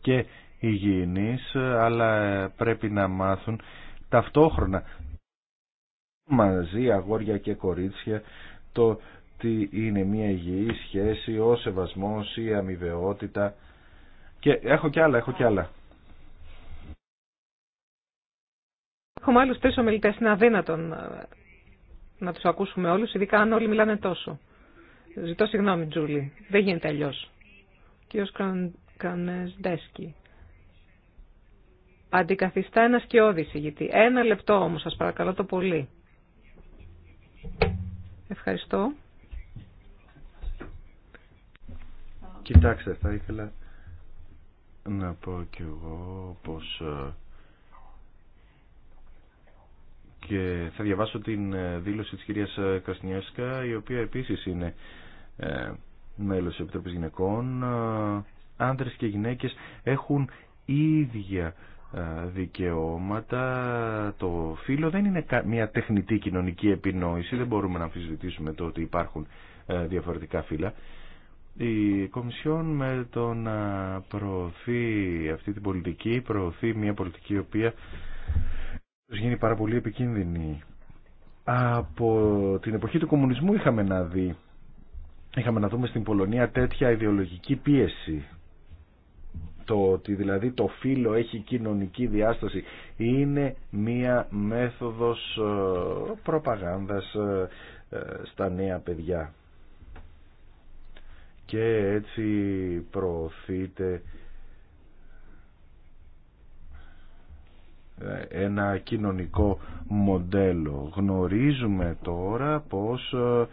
και υγιεινής, ε, αλλά πρέπει να μάθουν ταυτόχρονα μαζί αγόρια και κορίτσια το τι είναι μια υγιή σχέση, ο σεβασμός, η αμοιβαιότητα και έχω και άλλα, έχω και άλλα. Έχουμε άλλους τρεις ομιλητές, είναι αδύνατο ε, να του ακούσουμε όλους, ειδικά αν όλοι μιλάνε τόσο. Ζητώ συγγνώμη, Τζούλη. Δεν γίνεται αλλιώ. Κύριος Κανεσδέσκι. Αντικαθιστά ένα σκιώδη Γιατί Ένα λεπτό όμως, σας παρακαλώ το πολύ. Ευχαριστώ. Κοιτάξτε, θα ήθελα να πω κι εγώ πως ε, και θα διαβάσω την ε, δήλωση της κυρίας ε, Κασνιέσκα η οποία επίσης είναι μέλος της Επιτροπής Γυναικών άντρες και γυναίκες έχουν ίδια δικαιώματα το φύλλο δεν είναι μια τεχνητή κοινωνική επινόηση δεν μπορούμε να αμφισβητήσουμε το ότι υπάρχουν διαφορετικά φύλλα η Κομισιόν με το να προωθεί αυτή την πολιτική, προωθεί μια πολιτική η οποία γίνει πάρα πολύ επικίνδυνη. Από την εποχή του κομμουνισμού είχαμε να δει, είχαμε να δούμε στην Πολωνία τέτοια ιδεολογική πίεση. Το ότι δηλαδή το φύλλο έχει κοινωνική διάσταση είναι μία μέθοδος ε, προπαγάνδας ε, ε, στα νέα παιδιά και έτσι προωθείται ένα κοινωνικό μοντέλο. Γνωρίζουμε τώρα πως ε,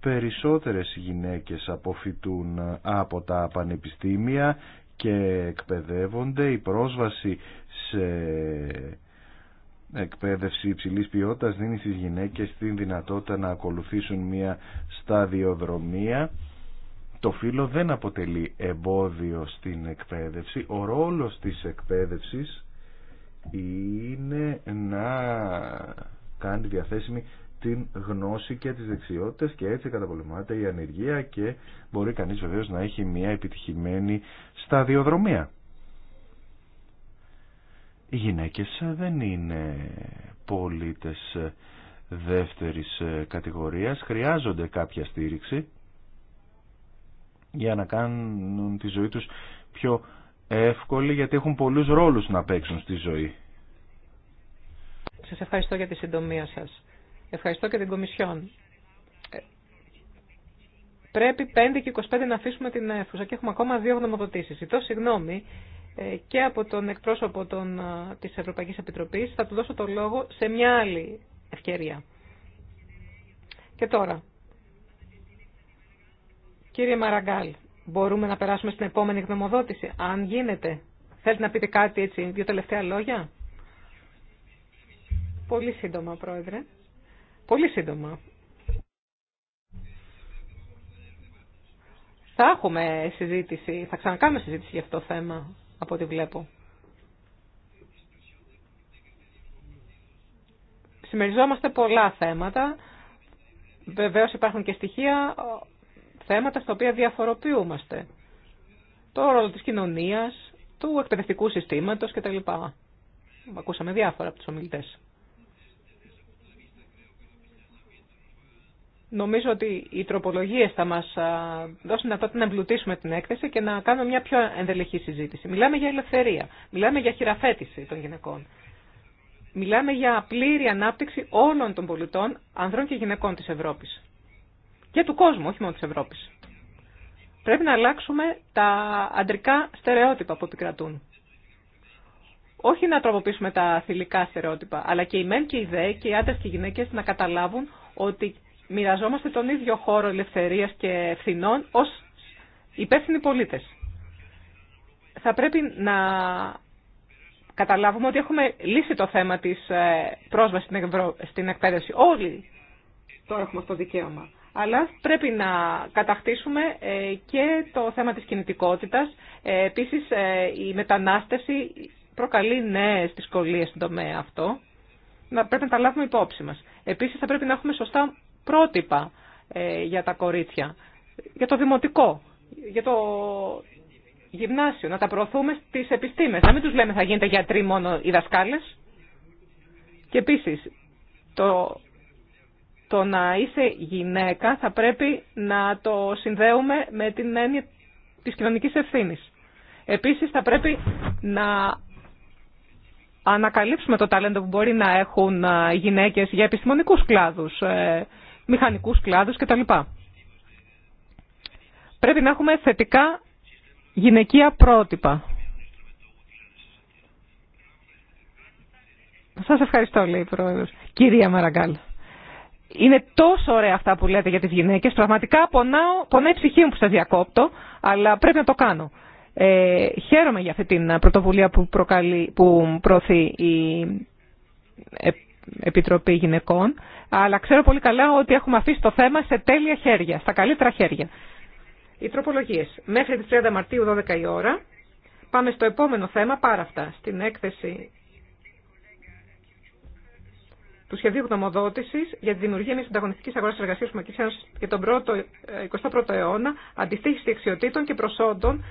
περισσότερες γυναίκες αποφυτούν ε, από τα πανεπιστήμια και εκπαιδεύονται. Η πρόσβαση σε εκπαίδευση υψηλής ποιότητας δίνει στις γυναίκες την δυνατότητα να ακολουθήσουν μια σταδιοδρομία το φύλλο δεν αποτελεί εμπόδιο στην εκπαίδευση. Ο ρόλος της εκπαίδευσης είναι να κάνει διαθέσιμη την γνώση και τις δεξιότητες και έτσι καταπολεμάται η ανεργία και μπορεί κανείς βεβαίως να έχει μια επιτυχημένη σταδιοδρομία. Οι γυναίκες δεν είναι πολίτες δεύτερης κατηγορίας, χρειάζονται κάποια στήριξη για να κάνουν τη ζωή τους πιο εύκολη γιατί έχουν πολλούς ρόλους να παίξουν στη ζωή. Σας ευχαριστώ για τη συντομία σας. Ευχαριστώ και την Κομισιόν. Ε, πρέπει 5 και 25 να αφήσουμε την αίθουσα και έχουμε ακόμα δύο γνωμοδοτήσεις. Ζητώ συγγνώμη ε, και από τον εκπρόσωπο των, ε, της Ευρωπαϊκής Επιτροπής. Θα του δώσω το λόγο σε μια άλλη ευκαιρία. Και τώρα, Κύριε Μαραγκάλ, μπορούμε να περάσουμε στην επόμενη γνωμοδότηση, αν γίνεται. Θέλετε να πείτε κάτι έτσι, δύο τελευταία λόγια. Πολύ σύντομα, Πρόεδρε. Πολύ σύντομα. Θα έχουμε συζήτηση, θα ξανακάνουμε συζήτηση για αυτό το θέμα, από ό,τι βλέπω. Συμμεριζόμαστε πολλά θέματα. Βεβαίως υπάρχουν και στοιχεία θέματα στα οποία διαφοροποιούμαστε. Το ρόλο της κοινωνίας, του εκπαιδευτικού συστήματος κτλ. Ακούσαμε διάφορα από τους ομιλητές. Νομίζω ότι οι τροπολογίε θα μα δώσουν να εμπλουτίσουμε την έκθεση και να κάνουμε μια πιο ενδελεχή συζήτηση. Μιλάμε για ελευθερία. Μιλάμε για χειραφέτηση των γυναικών. Μιλάμε για πλήρη ανάπτυξη όλων των πολιτών, ανδρών και γυναικών τη Ευρώπη και του κόσμου, όχι μόνο της Ευρώπης. Πρέπει να αλλάξουμε τα αντρικά στερεότυπα που επικρατούν. Όχι να τροποποιήσουμε τα θηλυκά στερεότυπα, αλλά και οι μεν και οι δε και οι άντρε και οι γυναίκε να καταλάβουν ότι μοιραζόμαστε τον ίδιο χώρο ελευθερία και ευθυνών ω υπεύθυνοι πολίτε. Θα πρέπει να καταλάβουμε ότι έχουμε λύσει το θέμα τη ε, πρόσβαση στην εκπαίδευση. Όλοι τώρα έχουμε αυτό το δικαίωμα αλλά πρέπει να κατακτήσουμε ε, και το θέμα της κινητικότητας. Ε, επίσης, ε, η μετανάστευση προκαλεί νέες δυσκολίες στον τομέα αυτό. Να, πρέπει να τα λάβουμε υπόψη μας. Επίσης, θα πρέπει να έχουμε σωστά πρότυπα για τα κορίτσια, για το δημοτικό, για το γυμνάσιο, να τα προωθούμε στις επιστήμες. Να μην τους λέμε θα γίνετε γιατροί μόνο οι δασκάλες. Και επίσης, το το να είσαι γυναίκα θα πρέπει να το συνδέουμε με την έννοια της κοινωνικής ευθύνης. Επίσης θα πρέπει να ανακαλύψουμε το ταλέντο που μπορεί να έχουν ε, γυναίκες για επιστημονικούς κλάδους, ε, μηχανικούς κλάδους κτλ. Πρέπει να έχουμε θετικά γυναικεία πρότυπα. Σας ευχαριστώ, λέει η Πρόεδρος. Κυρία Μαραγκάλ. Είναι τόσο ωραία αυτά που λέτε για τις γυναίκες. Πραγματικά πονάω, πονάει η ψυχή μου που σας διακόπτω, αλλά πρέπει να το κάνω. Ε, χαίρομαι για αυτή την πρωτοβουλία που, προκαλεί, που προωθεί η ε, Επιτροπή Γυναικών, αλλά ξέρω πολύ καλά ότι έχουμε αφήσει το θέμα σε τέλεια χέρια, στα καλύτερα χέρια. Οι τροπολογίες. Μέχρι τις 30 Μαρτίου 12 η ώρα. Πάμε στο επόμενο θέμα, πάρα αυτά, στην έκθεση του σχεδίου γνωμοδότηση για τη δημιουργία μια ανταγωνιστική αγορά εργασία που και τον πρώτο, ε, 21ο αιώνα αντιστοίχηση δεξιοτήτων και προσόντων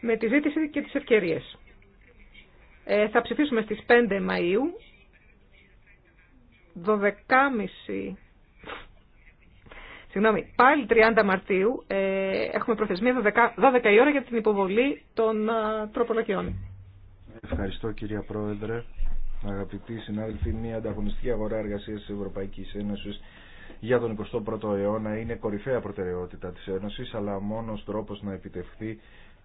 με τη ζήτηση και τι ευκαιρίε. Ε, θα ψηφίσουμε στις 5 Μαΐου, 12.30, συγγνώμη, πάλι 30 Μαρτίου, ε, έχουμε προθεσμία 12, 12 η ώρα για την υποβολή των ε, τροπολογιών. Ευχαριστώ κυρία Πρόεδρε αγαπητοί συνάδελφοι, μια ανταγωνιστική αγορά εργασία τη Ευρωπαϊκής Ένωσης για τον 21ο αιώνα είναι κορυφαία προτεραιότητα της Ένωσης, αλλά ο μόνος ενωση αλλα ο μονος τροπος να επιτευχθεί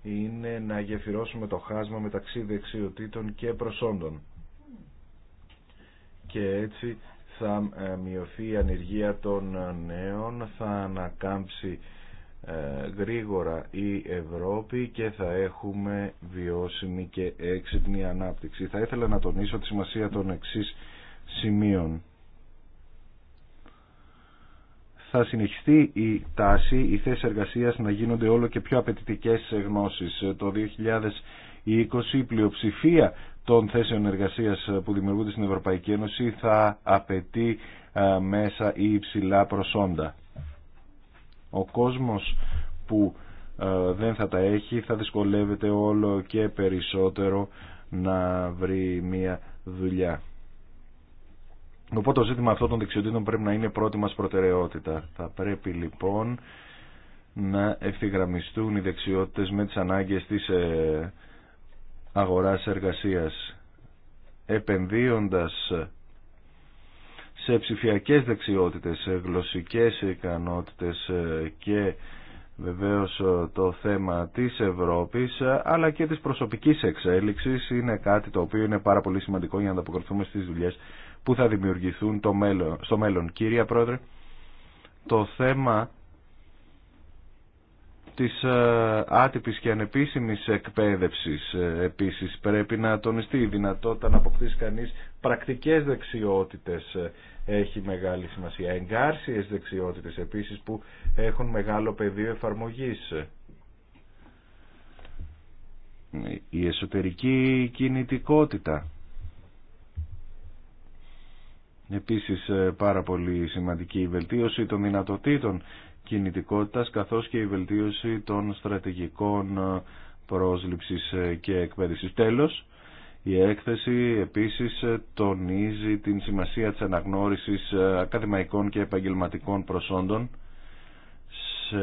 είναι να γεφυρώσουμε το χάσμα μεταξύ δεξιοτήτων και προσόντων. Και έτσι θα ε, μειωθεί η ανεργία των ε, νέων, θα ανακάμψει ε, γρήγορα η Ευρώπη και θα έχουμε βιώσιμη και έξυπνη ανάπτυξη. Θα ήθελα να τονίσω τη σημασία των εξής σημείων. Θα συνεχιστεί η τάση, οι θέσει εργασία να γίνονται όλο και πιο απαιτητικέ γνώσει. Το 2020 η πλειοψηφία των θέσεων εργασία που δημιουργούνται στην Ευρωπαϊκή Ένωση θα απαιτεί ε, μέσα ή υψηλά προσόντα. Ο κόσμος που ε, δεν θα τα έχει θα δυσκολεύεται όλο και περισσότερο να βρει μια δουλειά. Οπότε το ζήτημα αυτών των δεξιοτήτων πρέπει να είναι πρώτη μας προτεραιότητα. Θα πρέπει λοιπόν να ευθυγραμμιστούν οι δεξιότητες με τις ανάγκες της ε, αγοράς εργασίας επενδύοντας σε ψηφιακές δεξιότητες, σε γλωσσικές ικανότητες ε, και βεβαίως ε, το θέμα της Ευρώπης ε, αλλά και της προσωπικής εξέλιξης είναι κάτι το οποίο είναι πάρα πολύ σημαντικό για να ανταποκριθούμε στις δουλειές που θα δημιουργηθούν το μέλλον, στο μέλλον. Κύριε Πρόεδρε, το θέμα της ε, άτυπης και ανεπίσημης εκπαίδευσης ε, επίσης πρέπει να τονιστεί η δυνατότητα να αποκτήσει κανείς πρακτικές δεξιότητες ε, έχει μεγάλη σημασία εγκάρσιες δεξιότητες επίσης που έχουν μεγάλο πεδίο εφαρμογής η εσωτερική κινητικότητα επίσης πάρα πολύ σημαντική η βελτίωση των δυνατοτήτων κινητικότητας καθώς και η βελτίωση των στρατηγικών ε, πρόσληψης ε, και εκπαίδευσης. Τέλος, η έκθεση επίσης ε, τονίζει την σημασία της αναγνώρισης ακαδημαϊκών και επαγγελματικών προσόντων σε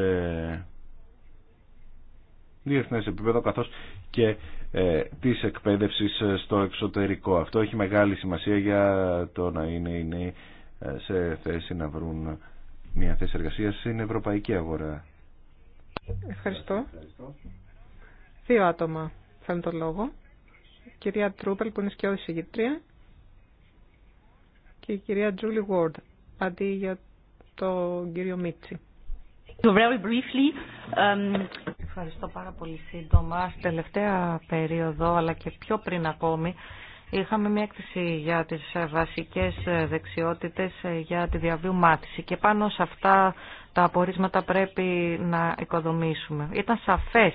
διεθνές επίπεδο καθώς και ε, της εκπαίδευσης στο εξωτερικό. Αυτό έχει μεγάλη σημασία για το να είναι, είναι σε θέση να βρουν μια θέση εργασία στην ευρωπαϊκή αγορά. Ευχαριστώ. Δύο άτομα θέλουν τον λόγο. Η κυρία Τρούπελ που είναι σκιώδη συγγήτρια και η κυρία Τζούλι Γουόρντ αντί για τον κύριο Μίτσι. Very briefly, um... Ευχαριστώ πάρα πολύ σύντομα. Στην τελευταία περίοδο αλλά και πιο πριν ακόμη είχαμε μια έκθεση για τις βασικές δεξιότητες για τη διαβίου μάθηση και πάνω σε αυτά τα απορίσματα πρέπει να οικοδομήσουμε. Ήταν σαφές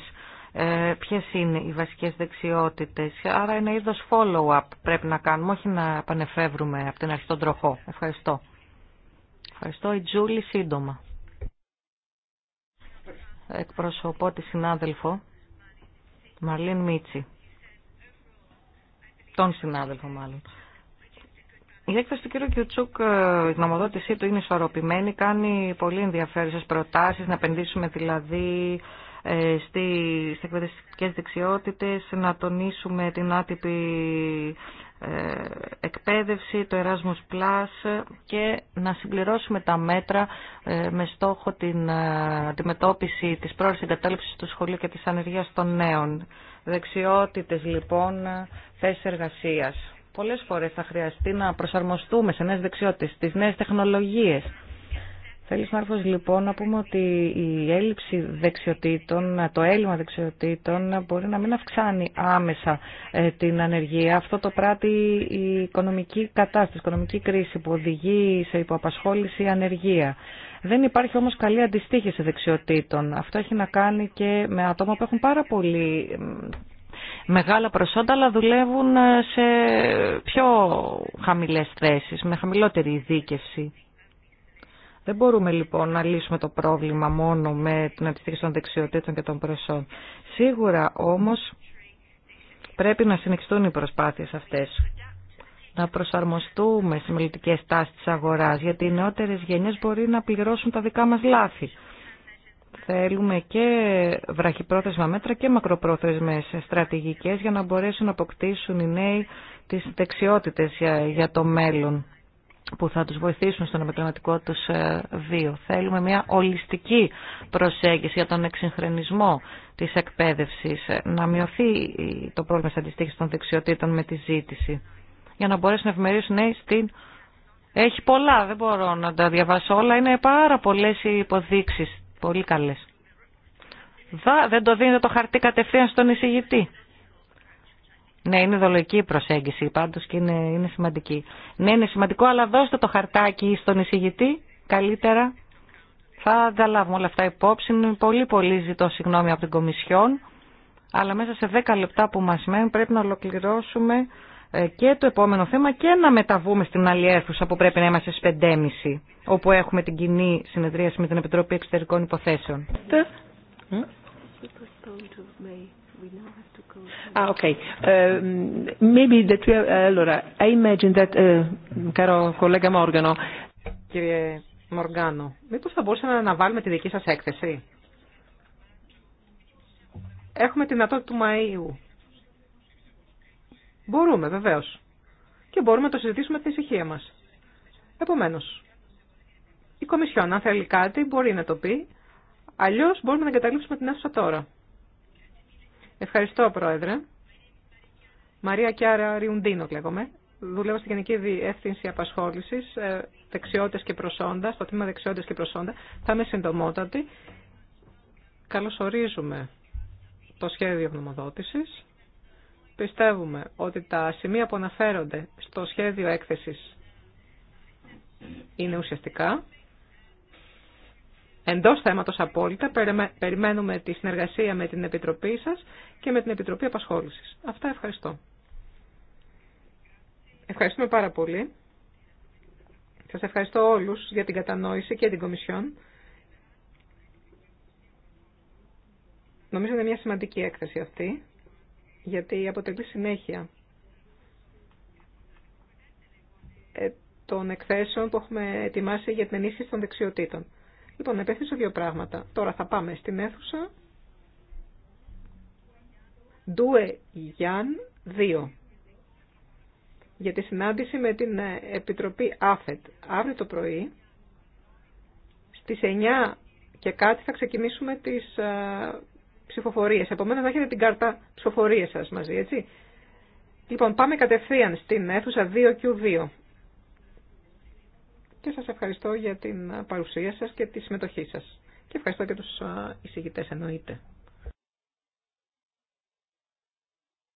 ε, ποιες είναι οι βασικές δεξιότητες, άρα ένα είδος follow-up πρέπει να κάνουμε, όχι να επανεφεύρουμε από την αρχή τον τροχό. Ευχαριστώ. Ευχαριστώ. Η Τζούλη σύντομα. Εκπροσωπώ τη συνάδελφο Μαρλίν Μίτσι τον συνάδελφο μάλλον. Η έκθεση του κ. Κιουτσούκ, ε, η γνωμοδότησή του είναι ισορροπημένη, κάνει πολύ ενδιαφέρουσες προτάσεις, να επενδύσουμε δηλαδή ε, Στι εκπαιδευτικέ δεξιότητες, να τονίσουμε την άτυπη ε, εκπαίδευση, το Erasmus Plus και να συμπληρώσουμε τα μέτρα ε, με στόχο την αντιμετώπιση της πρόορης εγκατάλειψης του σχολείου και της ανεργίας των νέων. Δεξιότητες λοιπόν, θέσεις εργασίας. Πολλές φορές θα χρειαστεί να προσαρμοστούμε σε νέες δεξιότητες, στις νέες τεχνολογίες Θέλει έρθω λοιπόν να πούμε ότι η έλλειψη δεξιοτήτων, το έλλειμμα δεξιοτήτων μπορεί να μην αυξάνει άμεσα ε, την ανεργία. Αυτό το πράττει η οικονομική κατάσταση, η οικονομική κρίση που οδηγεί σε υποαπασχόληση ανεργία. Δεν υπάρχει όμως καλή αντιστοίχηση δεξιοτήτων. Αυτό έχει να κάνει και με άτομα που έχουν πάρα πολύ μεγάλα προσόντα, αλλά δουλεύουν ε, σε πιο χαμηλές θέσεις, με χαμηλότερη ειδίκευση. Δεν μπορούμε λοιπόν να λύσουμε το πρόβλημα μόνο με την αντιστοίχηση των δεξιοτήτων και των προσών. Σίγουρα όμως πρέπει να συνεχιστούν οι προσπάθειες αυτές. Να προσαρμοστούμε στις μελλοντικές τάσεις της αγοράς, γιατί οι νεότερες γενιές μπορεί να πληρώσουν τα δικά μας λάθη. Θέλουμε και βραχυπρόθεσμα μέτρα και μακροπρόθεσμες στρατηγικές για να μπορέσουν να αποκτήσουν οι νέοι τις δεξιότητες για το μέλλον που θα τους βοηθήσουν στον επαγγελματικό τους ε, βίο. Θέλουμε μια ολιστική προσέγγιση για τον εξυγχρονισμό της εκπαίδευσης, ε, να μειωθεί το πρόβλημα της αντιστοίχησης των δεξιοτήτων με τη ζήτηση, για να μπορέσουν να ευημερίσουν νέοι στην... Έχει πολλά, δεν μπορώ να τα διαβάσω όλα, είναι πάρα πολλές οι υποδείξεις, πολύ καλές. δεν το δίνετε το χαρτί κατευθείαν στον εισηγητή. Ναι, είναι δολογική η προσέγγιση πάντως και είναι, είναι σημαντική. Ναι, είναι σημαντικό, αλλά δώστε το χαρτάκι στον εισηγητή, καλύτερα. Θα τα λάβουμε όλα αυτά υπόψη. Είναι πολύ πολύ ζητώ συγγνώμη από την Κομισιόν. Αλλά μέσα σε 10 λεπτά που μα μένουν πρέπει να ολοκληρώσουμε ε, και το επόμενο θέμα και να μεταβούμε στην άλλη αίθουσα που πρέπει να είμαστε στις 5.30 όπου έχουμε την κοινή συνεδρίαση με την Επιτροπή Εξωτερικών Υποθέσεων. Ah, ok. Ehm, maybe that we are, allora, I imagine that, eh, caro collega Morgano. Κύριε Μοργάνο, μήπως θα μπορούσαμε να αναβάλουμε τη δική σας έκθεση. Έχουμε τη δυνατότητα του Μαΐου. Μπορούμε, βεβαίω. Και μπορούμε να το συζητήσουμε με την ησυχία μας. Επομένως, η Κομισιόν, αν θέλει κάτι, μπορεί να το πει. Αλλιώς μπορούμε να εγκαταλείψουμε την αίθουσα τώρα. Ευχαριστώ, Πρόεδρε. Μαρία Κιάρα Ριουντίνο, λέγομαι. Δουλεύω στην Γενική Διεύθυνση Απασχόληση, ε, Δεξιότητε και Προσόντα, στο τμήμα Δεξιότητε και Προσόντα. Θα είμαι συντομότατη. Καλωσορίζουμε το σχέδιο γνωμοδότηση. Πιστεύουμε ότι τα σημεία που αναφέρονται στο σχέδιο έκθεση είναι ουσιαστικά εντός θέματος απόλυτα. Περιμένουμε τη συνεργασία με την Επιτροπή σας και με την Επιτροπή Απασχόλησης. Αυτά ευχαριστώ. Ευχαριστούμε πάρα πολύ. Σας ευχαριστώ όλους για την κατανόηση και την Κομισιόν. Νομίζω είναι μια σημαντική έκθεση αυτή, γιατί αποτελεί συνέχεια ε, των εκθέσεων που έχουμε ετοιμάσει για την ενίσχυση των δεξιοτήτων. Λοιπόν, να δύο πράγματα. Τώρα θα πάμε στην αίθουσα. 2 Γιάν 2 για τη συνάντηση με την ε, Επιτροπή ΑΦΕΤ. Αύριο το πρωί στις 9 και κάτι θα ξεκινήσουμε τις ε, ψηφοφορίες. Επομένως, να έχετε την κάρτα ψηφοφορίες σας μαζί, έτσι. Λοιπόν, πάμε κατευθείαν στην αίθουσα 2Q2 και σας ευχαριστώ για την παρουσία σας και τη συμμετοχή σας. Και ευχαριστώ και τους ε, εισηγητές εννοείται.